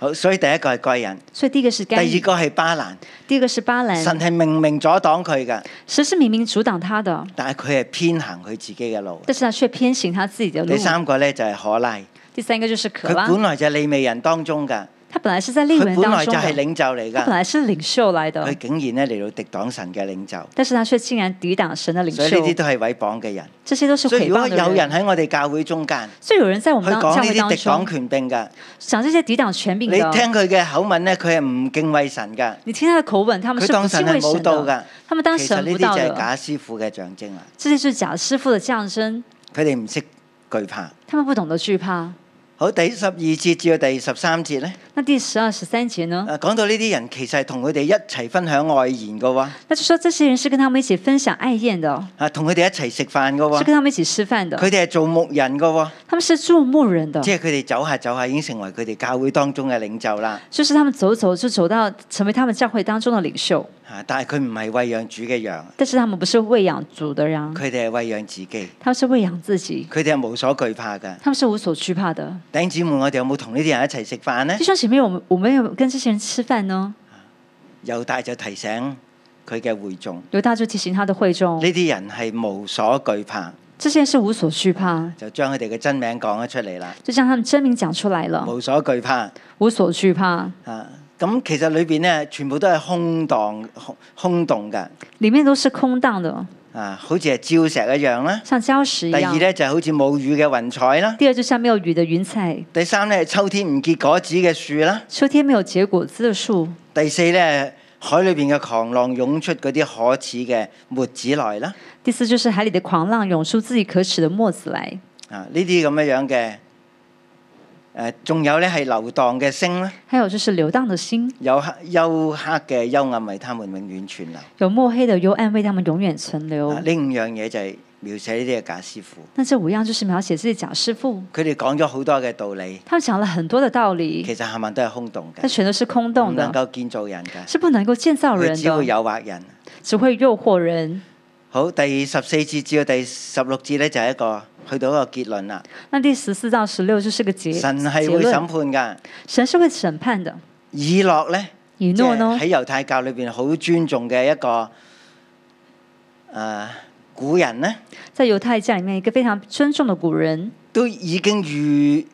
好，所以第一個係貴人，所以第一個是，第二個係巴蘭，第二個是巴蘭，神係明明阻擋佢嘅，神是明明阻擋他的，明明他的但係佢係偏行佢自己嘅路，但是他卻偏行他自己嘅路，第三個咧就係可拉，第三個就是可拉，佢本來就利未人當中噶。他本來是在列文當中，佢本來就係領袖嚟噶，佢本來是領袖嚟的，佢竟然咧嚟到抵擋神嘅領袖，但是他卻竟然抵擋神嘅領袖，呢啲都係毀謗嘅人，這些都是如果有人喺我哋教會中間，所以有人在我們教會當中，佢講呢啲抵擋權柄噶，講這些抵擋權柄，你聽佢嘅口吻咧，佢係唔敬畏神噶，你聽佢嘅口吻，佢當神係冇道噶，佢們當神其實呢啲就係假師傅嘅象徵啊，這就是假師傅嘅象徵，佢哋唔識懼怕，他們不懂得懼怕。好，第十二節至到第十三節咧？那第十二、十三節呢？誒、啊，講到呢啲人，其實係同佢哋一齊分享愛宴嘅喎。那就是說，這些人是跟他們一起分享愛宴的，哦。啊，同佢哋一齊食飯嘅，哦。是跟他們一起吃飯的。佢哋係做牧人嘅。他們是做牧人的，哦牧人的。即係佢哋走下走下，已經成為佢哋教會當中嘅領袖啦。就是他們走走就走到成為他們教會當中嘅領袖。啊、但係佢唔係餵養主嘅羊，但是佢們不是餵養主嘅羊。佢哋係餵養自己，他們是餵養自己。佢哋係無所懼怕嘅，他們是無所懼怕的。弟兄姊妹，我哋有冇同呢啲人一齊食飯呢？就像前面我，我我冇跟這些人吃飯咯。猶大就提醒佢嘅會眾，猶大就提醒他的會眾，呢啲人係無所懼怕，這些人是無所懼怕，啊、就將佢哋嘅真名講咗出嚟啦，就將他們真名講出嚟了，無所懼怕，無所懼怕。啊。咁其實裏邊咧，全部都係空蕩、空空洞嘅。裡面都是空蕩的。啊，好似係礁石一樣啦。像礁石一樣。第二咧，就好似冇雨嘅雲彩啦。第二就是像沒有雨的雲彩。第三咧，秋天唔結果子嘅樹啦。秋天沒有結果子嘅樹。第四咧，海裏邊嘅狂浪湧出嗰啲可恥嘅沫子來啦。第四就是海裏的狂浪湧出自己可恥的沫子來。啊，呢啲咁嘅樣嘅。誒，仲有咧係流蕩嘅星咧。還有就是流蕩嘅星。有黑幽黑嘅幽暗為他們永遠存留。有墨黑嘅幽暗為他們永遠存留。呢五樣嘢就係描寫呢啲嘅假師傅。但這五樣就是描寫這些假師傅。佢哋講咗好多嘅道理。他們講了很多嘅道理。其實冚唪唥都係空洞嘅。但全都是空洞嘅。唔能夠建造人嘅。是不能夠建造人。只會誘惑人。只會誘惑人。好，第十四節至至到第十六節咧，就係、是、一個去到一個結論啦。那第十四到十六就是個結，神係會審判噶。神是會審判的。以諾咧，即係喺猶太教裏邊好尊重嘅一個誒、啊、古人咧，在猶太教裏面一個非常尊重嘅古人，都已經預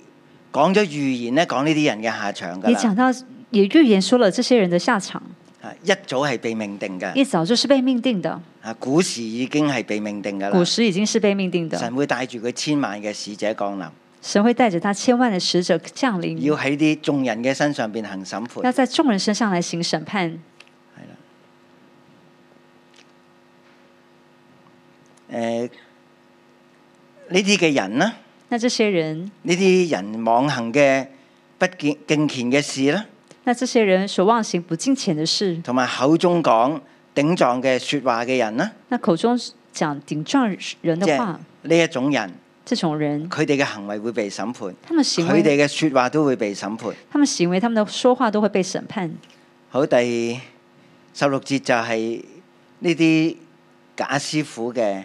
講咗預言咧，講呢啲人嘅下場噶你也講到，也預言說了這些人嘅下場。係、啊、一早係被命定嘅，一早就是被命定的。啊！古時已經係被命定噶啦。古時已經是被命定的。神會帶住佢千萬嘅使者降臨。神會帶着他千萬嘅使者降臨。要喺啲眾人嘅身上邊行審判。要在眾人身上來行審判、呃。係啦。誒，呢啲嘅人呢？那這些人？呢啲人妄行嘅不敬敬虔嘅事呢？那這些人所妄行不敬虔嘅事。同埋口中講，頂撞嘅說話嘅人呢？那口中講頂撞人嘅話，呢，就是一種人，這種人，佢哋嘅行為會被審判，他們行為，佢哋嘅說話都會被審判，他們行為，他們的說話都會被審判。好，第十六節就係呢啲假師傅嘅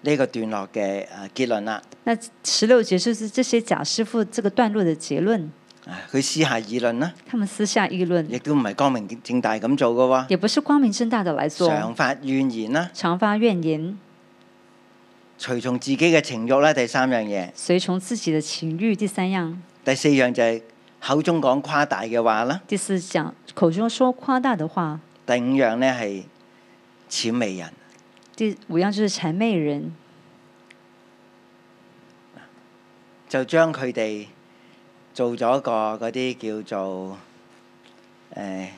呢個段落嘅誒結論啦。那十六節就是這些假師傅這個段落的結論。佢私下議論啦，他們私下議論，亦都唔係光明正大咁做噶喎，也不是光明正大的來做，常發怨言啦，常發怨言，隨從自己嘅情欲啦，第三樣嘢，隨從自己嘅情欲，第三樣，第四樣就係口中講誇大嘅話啦，第四樣，口中說誇大嘅話，第五樣呢係諂媚人，第五樣就是諂媚人，就將佢哋。做咗個嗰啲叫做誒有、欸、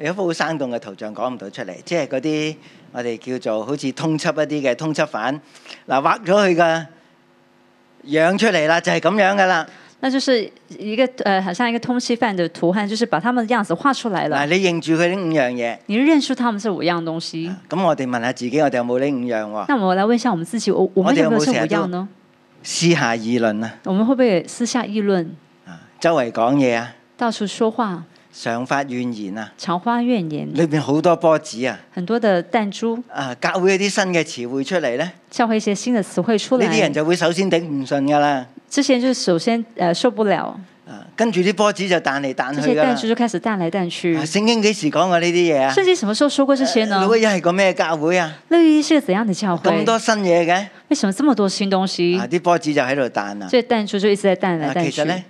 一幅好生動嘅圖像講唔到出嚟，即係嗰啲我哋叫做好似通緝一啲嘅通緝犯，嗱畫咗佢嘅樣出嚟喇，就係、是、咁樣㗎喇。那就是一個誒、呃，好像一個通緝犯的圖案，就是把他們的樣子畫出來了。啊，你認住佢呢五樣嘢。你認出他們是五樣東西。咁、啊、我哋問下自己，我哋有冇呢五樣、哦？咁我來問一下我們自己，我們有沒有我哋有冇呢五樣呢？私下議論啊。我們會不會私下議論？啊，周圍講嘢啊。到處說話。常發怨言啊。常發怨言、啊。裏邊好多波子啊。很多的彈珠。啊，教會有啲新嘅詞彙出嚟咧。教會一些新的詞彙出嚟。呢啲人就會首先頂唔順噶啦。之前就首先，誒、呃、受不了。誒、啊，跟住啲波子就彈嚟彈去。啲彈珠就開始彈嚟彈去。聖經幾時講過呢啲嘢啊？聖經、啊、什麼時候說過這些呢？六、啊、一係個咩教會啊？六一是個怎樣嘅教會？咁多新嘢嘅？為什麼這麼多新東西？啲、啊、波子就喺度彈啊！即係彈珠就一直在彈嚟彈去、啊。其實咧，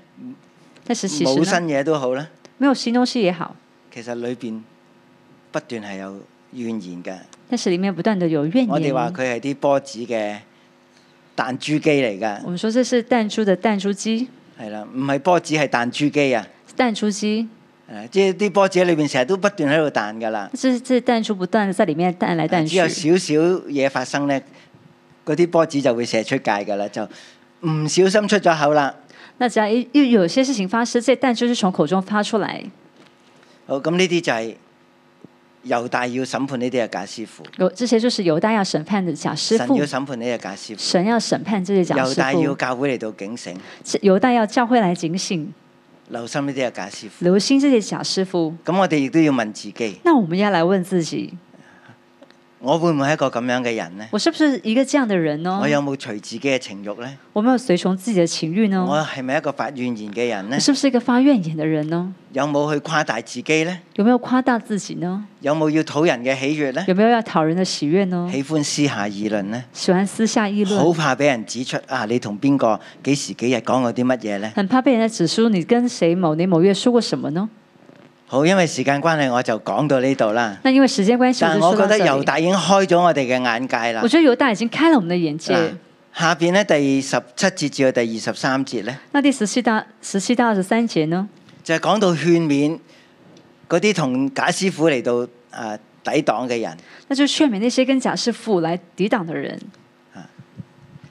冇新嘢都好啦，沒有新東西也好。其實裏邊不斷係有怨言嘅。但是裡面不斷的有怨言。我哋話佢係啲波子嘅。彈珠機嚟噶，我們說這是彈珠的彈珠機，係啦，唔係波子係彈珠機啊，彈珠機，誒，即係啲波子喺裏邊成日都不斷喺度彈噶啦，即係即彈珠不斷喺裏面彈嚟彈去，有少少嘢發生咧，嗰啲波子就會射出界噶啦，就唔小心出咗口啦。那只要要有些事情發生，即係彈珠就從口中發出來。好，咁呢啲就係、是。猶大要審判呢啲係假師傅。有，這些就是猶大要審判的假師傅。神要審判呢個假師傅。神要審判這些假師傅。猶大要教會嚟到警醒。猶大要教會嚟警醒。留心呢啲係假師傅。留心這些假師傅。咁我哋亦都要問自己。那我們要來問自己。我會唔會係一個咁樣嘅人呢？我是不是一個這樣嘅人呢？我有冇隨自己嘅情欲呢？我沒有隨從自己嘅情欲呢？我係咪一個發怨言嘅人呢？我是不是一個發怨言嘅人呢？有冇去誇大自己呢？有沒有誇大自己呢？有冇要討人嘅喜悅呢？有沒有要討人嘅喜悅呢？喜歡私下議論呢？喜歡私下議論。好怕俾人指出啊！你同邊個幾時幾日講過啲乜嘢呢？很怕俾人指出你跟誰某年某月說過什麼呢？好，因為時間關係，我就講到呢度啦。那因為時間關係，但係我覺得猶大已經開咗我哋嘅眼界啦。我覺得猶大已經開了我們嘅眼、眼界。下邊咧，第十七節至到第二十三節咧。那第十七到十七到二十三節呢？就係講到勸勉嗰啲同假師傅嚟，到誒、呃、抵擋嘅人。那就勸勉那些跟假師傅來抵擋的人。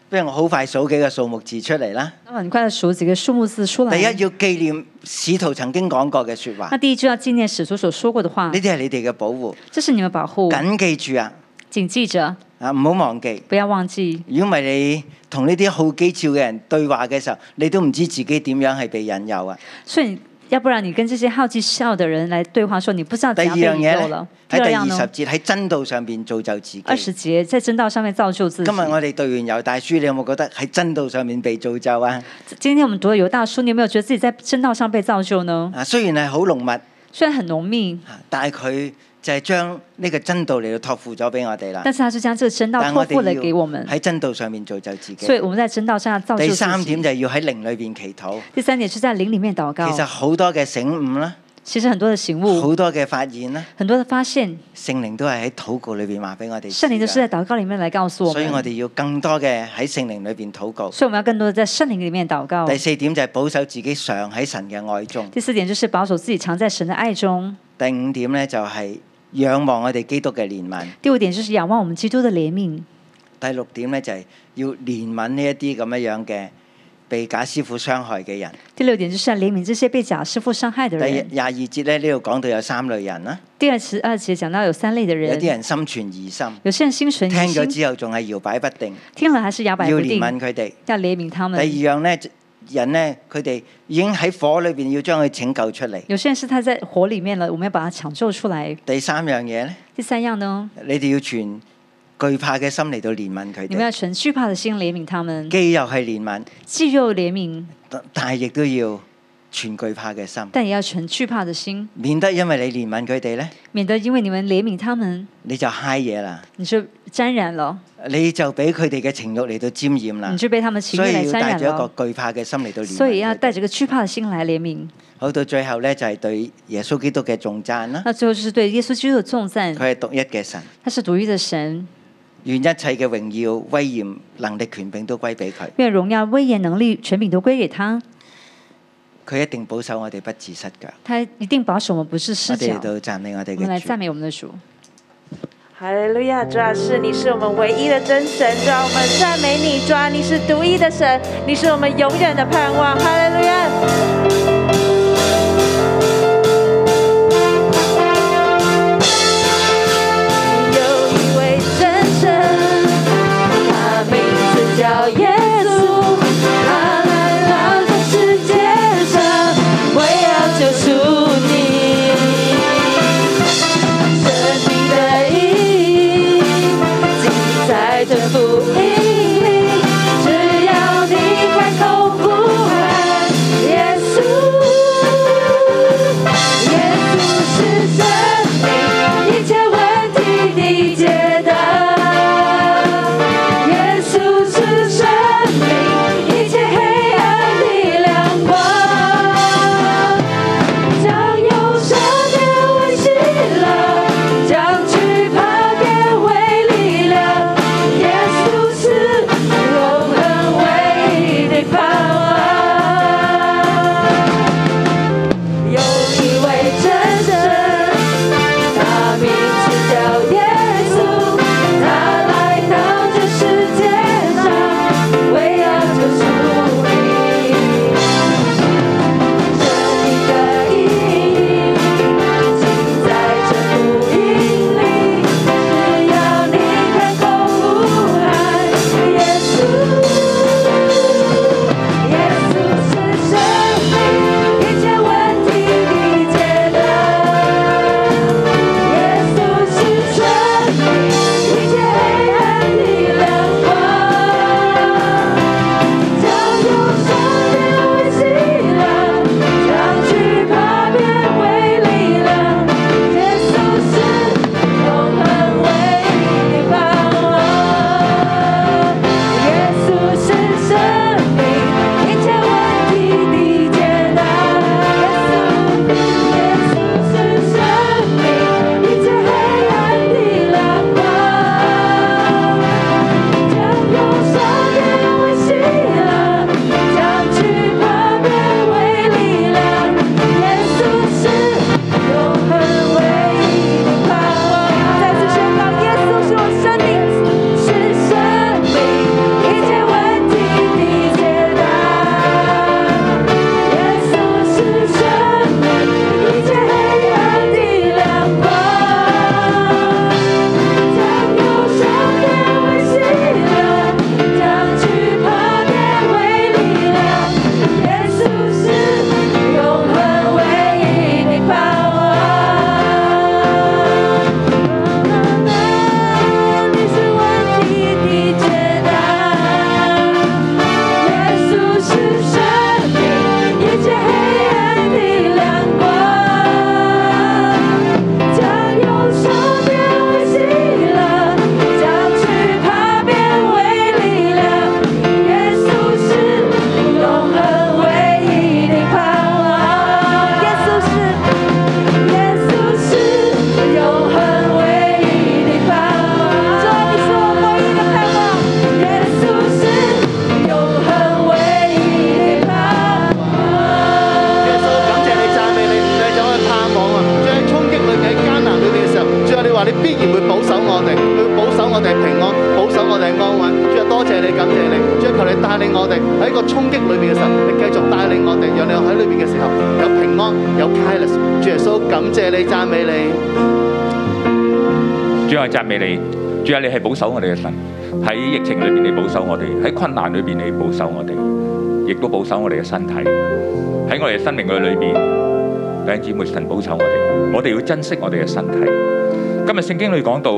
不如我好快數幾個數目字出嚟啦。我快數幾個數目字出嚟。第一要紀念使徒曾經講過嘅說話。那第一就要紀念使徒所說過的話。呢啲係你哋嘅保護。這是你們保護。緊記住啊。謹記着。啊，唔好忘記。不要忘記。如果唔係你同呢啲好機照嘅人對話嘅時候，你都唔知自己點樣係被引誘啊。雖然。要不然你跟這些好奇笑的人來對話，說你不知道點樣被做了。喺第二十節喺真道上面造就自己。二十節在真道上面造就自己。今日我哋讀完猶大書，你有冇覺得喺真道上面被造就啊？今天我們讀了猶大書，你有沒有覺得自己在真道上被造就呢？啊，雖然係好濃密，雖然很濃密，啊、但係佢。就係、是、將呢個真道嚟到托付咗俾我哋啦。但是他就將這個真道託付咗給我們。喺真道上面造就自己。所以我們在真道上造就自己。第三點就要喺靈裏邊祈禱。第三點是在靈裏面禱告。其實好多嘅醒悟啦。其實很多的醒悟。好多嘅發現啦。很多的發現。聖靈都係喺禱告裏邊話俾我哋。聖靈都是在禱告裏面嚟告訴我。所以我哋要更多嘅喺聖靈裏邊禱告。所以我們要更多地在聖靈裏面禱告。第四點就係保守自己常喺神嘅愛中。第四點就是保守自己常在神嘅愛中。第五點咧就係、是。仰望我哋基督嘅憐憫。第六點就是仰望我們基督嘅憐憫。第六點咧就係要憐憫呢一啲咁樣樣嘅被假師傅傷害嘅人。第六點就是要憐憫這些這樣的被假師傅傷害嘅人。第廿二節咧呢度講到有三類人啦。第二十二節講到有三類嘅人，有啲人心存疑心，有些人心存疑心，聽咗之後仲係搖擺不定，聽了還是搖擺不定，要憐憫佢哋，要憐憫他們。第二樣咧。人呢，佢哋已經喺火裏面要將佢拯救出嚟。有些人是他在火裏面了，我們要把他搶救出來。第三樣嘢呢？第三樣咯。你哋要存懼怕嘅心嚟到憐憫佢哋。你們要存懼怕的心憐憫他們。肌肉係憐憫，肌肉憐憫，但係亦都要。存懼怕嘅心，但也要存懼怕嘅心，免得因為你憐憫佢哋咧，免得因為你們憐憫他們，你就嗨嘢啦，你就沾染咯，你就俾佢哋嘅情欲嚟到沾染啦，你就被他，就被他們情欲嚟沾染咯。所以要帶住一個懼怕嘅心嚟到憐憫，所以要帶住個懼怕嘅心嚟憐憫。好，到最後咧，就係對耶穌基督嘅頌讚啦。最後是對耶穌基督嘅頌讚。佢係獨一嘅神，佢是獨一嘅神，神，願一切嘅榮耀、威嚴、能力、權柄都歸俾佢。願榮耀、威嚴、能力、權柄都歸給他。佢一定保守我哋不自私㗎。他一定保守我哋不自私。我哋到讚美我哋嘅主。我哋讚美我們嘅主。哈利路亞，Hallelujah，主啊！是你是我們唯一的真神，讓我們讚美你。主啊！你是獨一的神，你是我們永遠的盼望。哈利路亞。有一位真神，他名字叫耶。Yeah 主啊，你係保守我哋嘅神，喺疫情裏邊你保守我哋，喺困難裏邊你保守我哋，亦都保守我哋嘅身體，喺我哋嘅生命嘅裏邊，弟兄姊妹神保守我哋，我哋要珍惜我哋嘅身體。今日聖經裏講到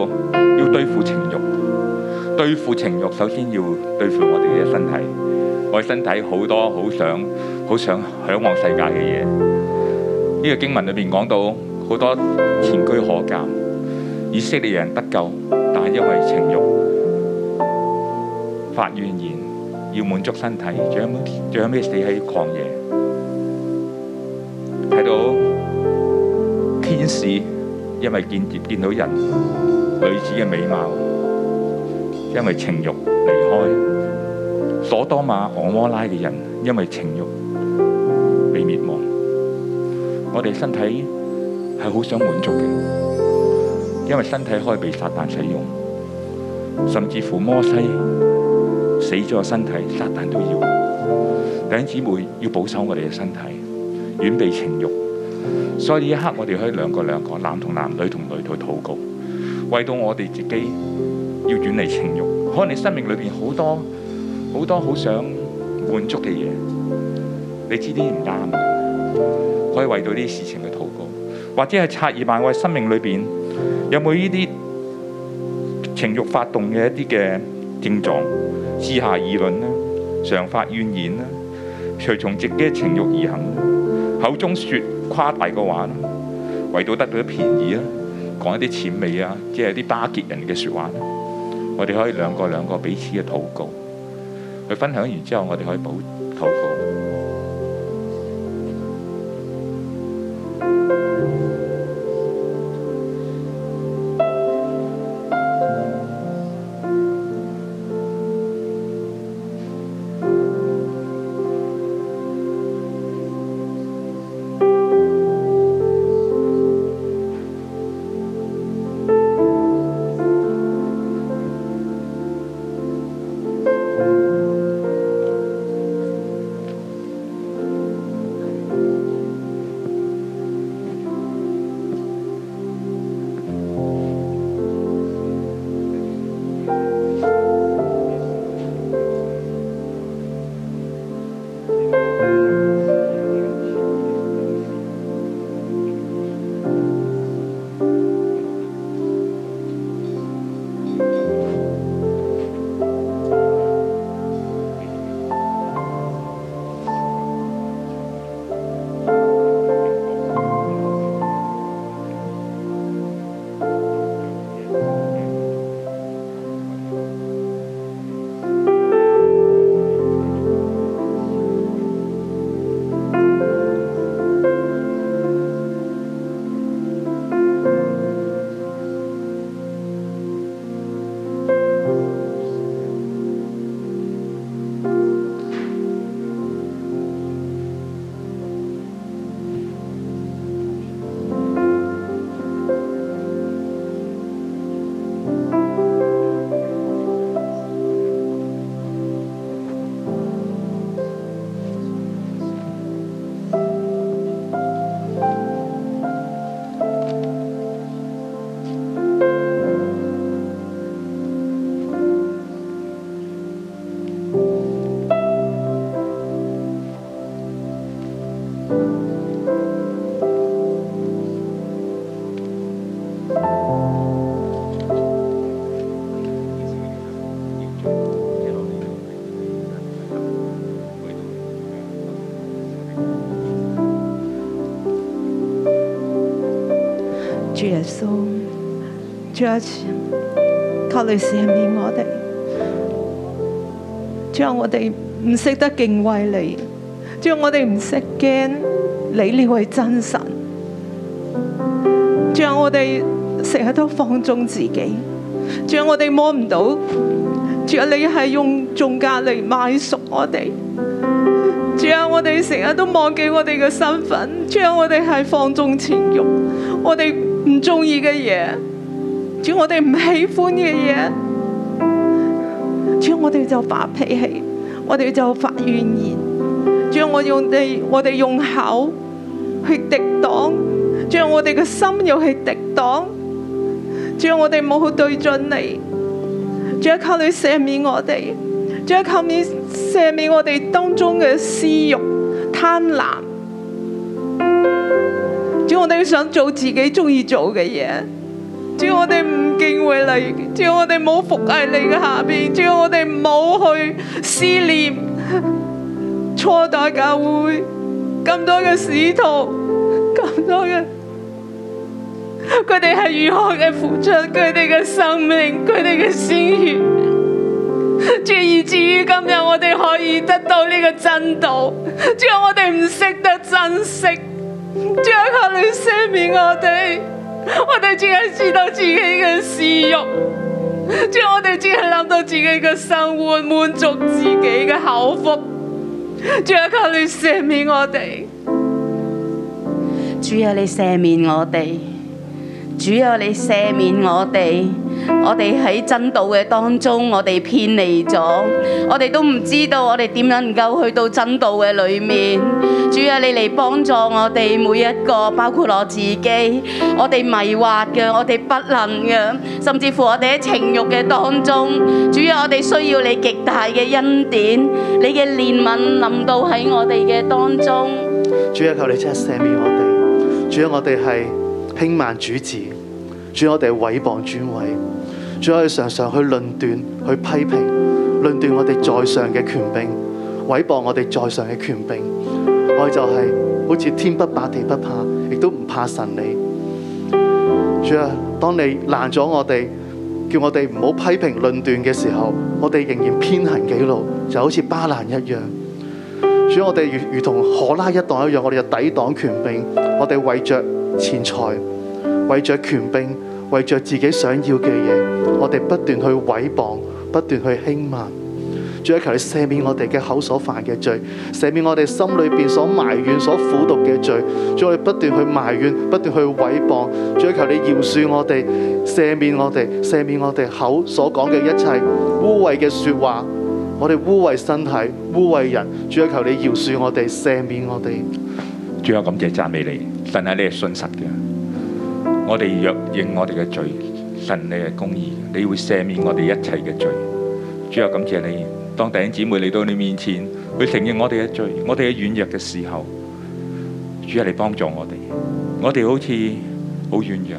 要對付情欲，對付情欲首先要對付我哋嘅身體，我嘅身體好多好想好想向往世界嘅嘢。呢個經文裏邊講到好多前車可鑑，以色列人得救。因為情欲發怨言，要滿足身體，仲有，仲有死喺曠野。睇到天使因為見見到人女子嘅美貌，因為情欲離開。所多瑪、蛾摩拉嘅人因為情欲被滅亡。我哋身體係好想滿足嘅，因為身體可以被撒旦使用。甚至乎摩西死咗身體，撒旦都要弟兄姊妹要保守我哋嘅身體，遠避情慾。所以呢一刻我哋可以兩個兩個，男同男、女同女去禱告，為到我哋自己要遠離情慾。可能你生命裏邊好多好多好想滿足嘅嘢，你知啲唔啱，可以為到呢啲事情去禱告，或者係拆爾曼，我哋生命裏邊有冇呢啲？情慾發動嘅一啲嘅症狀，私下議論啦，常發怨言啦，隨從自己情慾而行啦，口中説誇大嘅話啦，為咗得到便宜啊，講一啲諂媚啊，即係啲巴結人嘅説話啦。我哋可以兩個兩個彼此嘅禱告，去分享完之後，我哋可以補禱告。主啊，求你赦免我哋，主啊，我哋唔識得敬畏你，主啊，我哋唔識驚你呢位真神，主啊，我哋成日都放縱自己，主啊，我哋摸唔到，主啊，你係用重價嚟買贖我哋，主啊，我哋成日都忘記我哋嘅身份，主啊，我哋係放縱情慾，我哋唔中意嘅嘢。只要我哋唔喜歡嘅嘢，只要我哋就發脾氣，我哋就發怨言；只要我用哋我哋用口去敵擋，只要我哋嘅心又去敵擋；只要我哋冇好對準你，只要靠你赦免我哋，只要靠你赦免我哋當中嘅私欲、貪婪；只要我哋想做自己中意做嘅嘢。主，只要我哋唔敬畏你的下面；主，我哋冇服喺你嘅下邊；主，我哋冇去思念初代教會咁多嘅使徒，咁多嘅，佢哋係如何嘅付出佢哋嘅生命，佢哋嘅鮮血。主，以至於今日，我哋可以得到呢個真道，主，我哋唔識得珍惜，主，求你赦免我哋。我哋只係知道自己嘅私欲，主，我哋只係諗到自己嘅生活，滿足自己嘅口福。主啊，求你赦免我哋！主啊，你赦免我哋！主啊，你赦免我哋！我哋喺真道嘅當中，我哋偏離咗，我哋都唔知道我哋點樣能夠去到真道嘅裏面。主啊，你嚟幫助我哋每一個，包括我自己。我哋迷惑嘅，我哋不能嘅，甚至乎我哋喺情欲嘅當中。主啊，我哋需要你極大嘅恩典，你嘅憐憫臨到喺我哋嘅當中。主啊，求你即刻赦免我哋。主啊，我哋係輕慢主治，主啊，我哋誹謗尊位。主要係常常去論斷、去批評、論斷我哋在上嘅權柄、毀謗我哋在上嘅權柄。我哋就係、是、好似天不怕地不怕，亦都唔怕神你。主啊，當你難咗我哋，叫我哋唔好批評論斷嘅時候，我哋仍然偏行己路，就好似巴蘭一樣。主，我哋如，如同可拉一黨一樣，我哋就抵擋權柄，我哋為着錢財、為着權柄。為着自己想要嘅嘢，我哋不斷去毀謗，不斷去輕慢。主啊，求你赦免我哋嘅口所犯嘅罪，赦免我哋心裏邊所埋怨、所苦毒嘅罪。主啊，求你不斷去埋怨，不斷去毀謗。主啊，求你饒恕我哋，赦免我哋，赦免我哋口所講嘅一切污穢嘅說話。我哋污穢身體，污穢人。主啊，求你饒恕我哋，赦免我哋。主啊，感謝讚美你，神啊，你係信實嘅。我哋若認我哋嘅罪，神你係公義，你會赦免我哋一切嘅罪。主要感謝你，當弟兄姊妹嚟到你面前，佢承認我哋嘅罪，我哋嘅軟弱嘅時候，主係嚟幫助我哋。我哋好似好軟弱，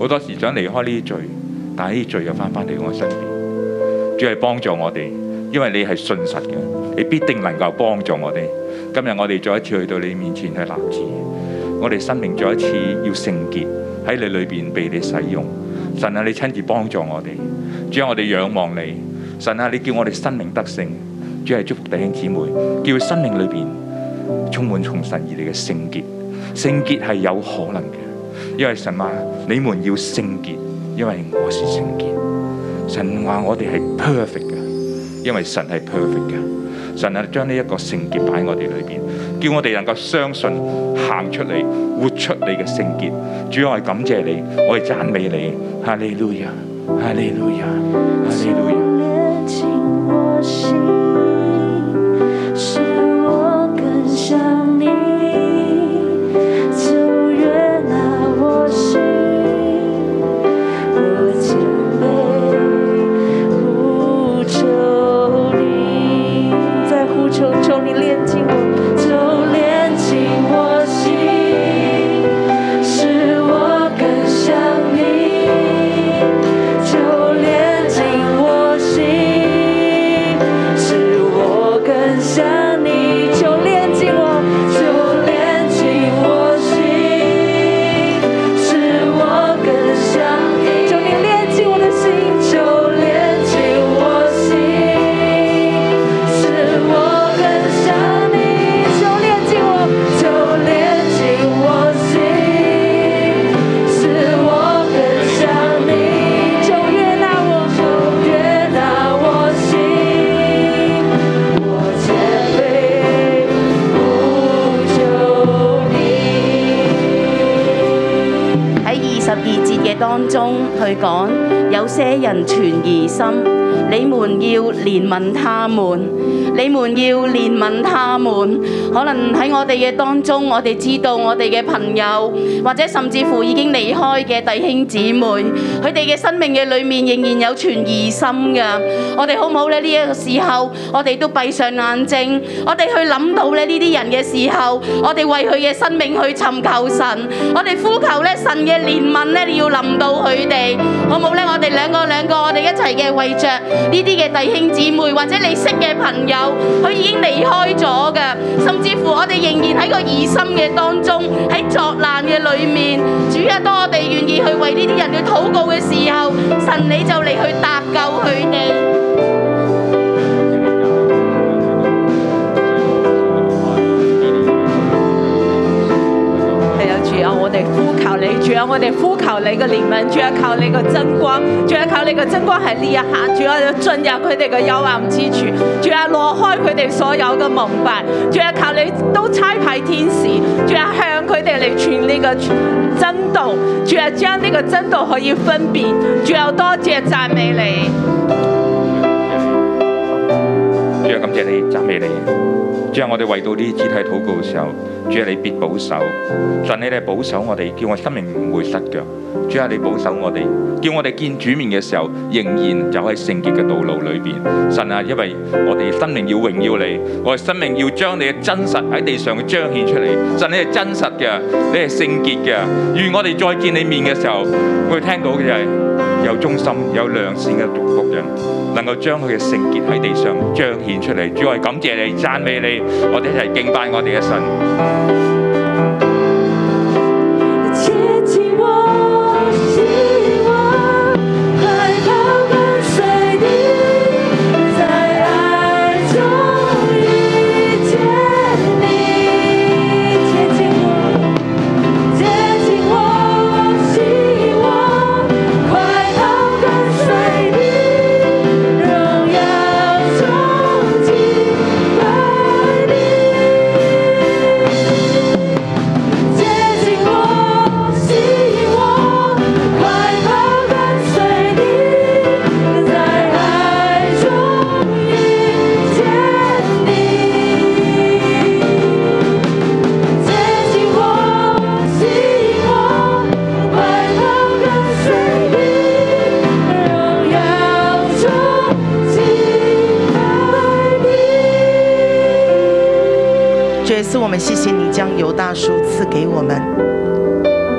好多時想離開呢啲罪，但係呢啲罪又翻翻嚟我身邊。主係幫助我哋，因為你係信實嘅，你必定能夠幫助我哋。今日我哋再一次去到你面前去立志。我哋生命再一次要聖潔。喺你裏邊被你使用，神啊，你親自幫助我哋，主啊，我哋仰望你，神啊，你叫我哋生命得勝，主係祝福弟兄姊妹，叫生命裏邊充滿從神而嚟嘅聖潔，聖潔係有可能嘅，因為神話你們要聖潔，因為我是聖潔，神話我哋係 perfect 嘅，因為神係 perfect 嘅，神啊，將呢一個聖潔擺喺我哋裏邊。叫我哋能夠相信，行出嚟，活出你嘅聖潔。主要係感謝你，我哋讚美你。哈利路亞，哈利路亞，哈利路亞。你們要憐憫他們，你們要憐憫他們。們可能喺我哋嘅當中我哋知道我哋嘅朋友或者甚至乎已經離開嘅弟兄姊妹，佢哋嘅生命嘅裏面仍然有存疑心噶。我哋好唔好呢？呢一個時候，我哋都閉上眼睛，我哋去諗到咧呢啲人嘅時候，我哋為佢嘅生命去尋求神，我哋呼求咧神嘅憐憫，你要臨到佢哋，好唔好咧？我哋兩個兩個，我哋一齊嘅為着呢啲嘅弟兄姊妹或者你識嘅朋友，佢已經離開咗，嘅，甚至乎我哋仍然在個疑心嘅當中，在作難嘅裏面，主要當我哋願意去為呢啲人去禱告嘅時候，神你就嚟去搭救佢哋。我哋呼求你，仲有我哋呼求你嘅憐憫，仲有靠你嘅真光，仲有靠你嘅真光喺呢一刻，仲有進入佢哋嘅幽暗之處，仲有挪開佢哋所有嘅蒙蔽，仲有靠你都差派天使，仲有向佢哋嚟傳呢個真道，仲有將呢個真道可以分辨，仲有多謝讚美你，仲有感謝你讚美你。主啊，我哋為到呢啲肢體禱告嘅時候，主啊，你必保守，神你哋保守我哋，叫我生命唔會失腳。主啊，你保守我哋，叫我哋見主面嘅時候，仍然走喺聖潔嘅道路裏邊。神啊，因為我哋生命要榮耀你，我哋生命要將你嘅真實喺地上彰顯出嚟。神你係真實嘅，你係聖潔嘅，願我哋再見你面嘅時候，會聽到嘅就係有忠心、有良善嘅僕人，能夠將佢嘅聖潔喺地上彰顯出嚟。主，我哋感謝你，讚美你。我哋一齊敬拜我哋嘅神。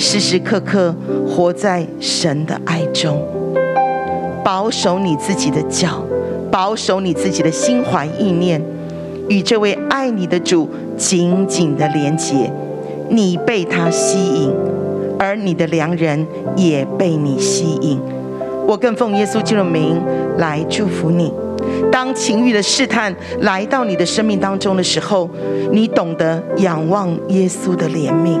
時時刻刻活在神的愛中，保守你自己的腳，保守你自己的心懷意念，與這位愛你的主緊緊的連接，你被他吸引，而你的良人也被你吸引。我更奉耶穌基督的名來祝福你。當情欲的試探來到你的生命當中的時候，你懂得仰望耶穌的憐憫。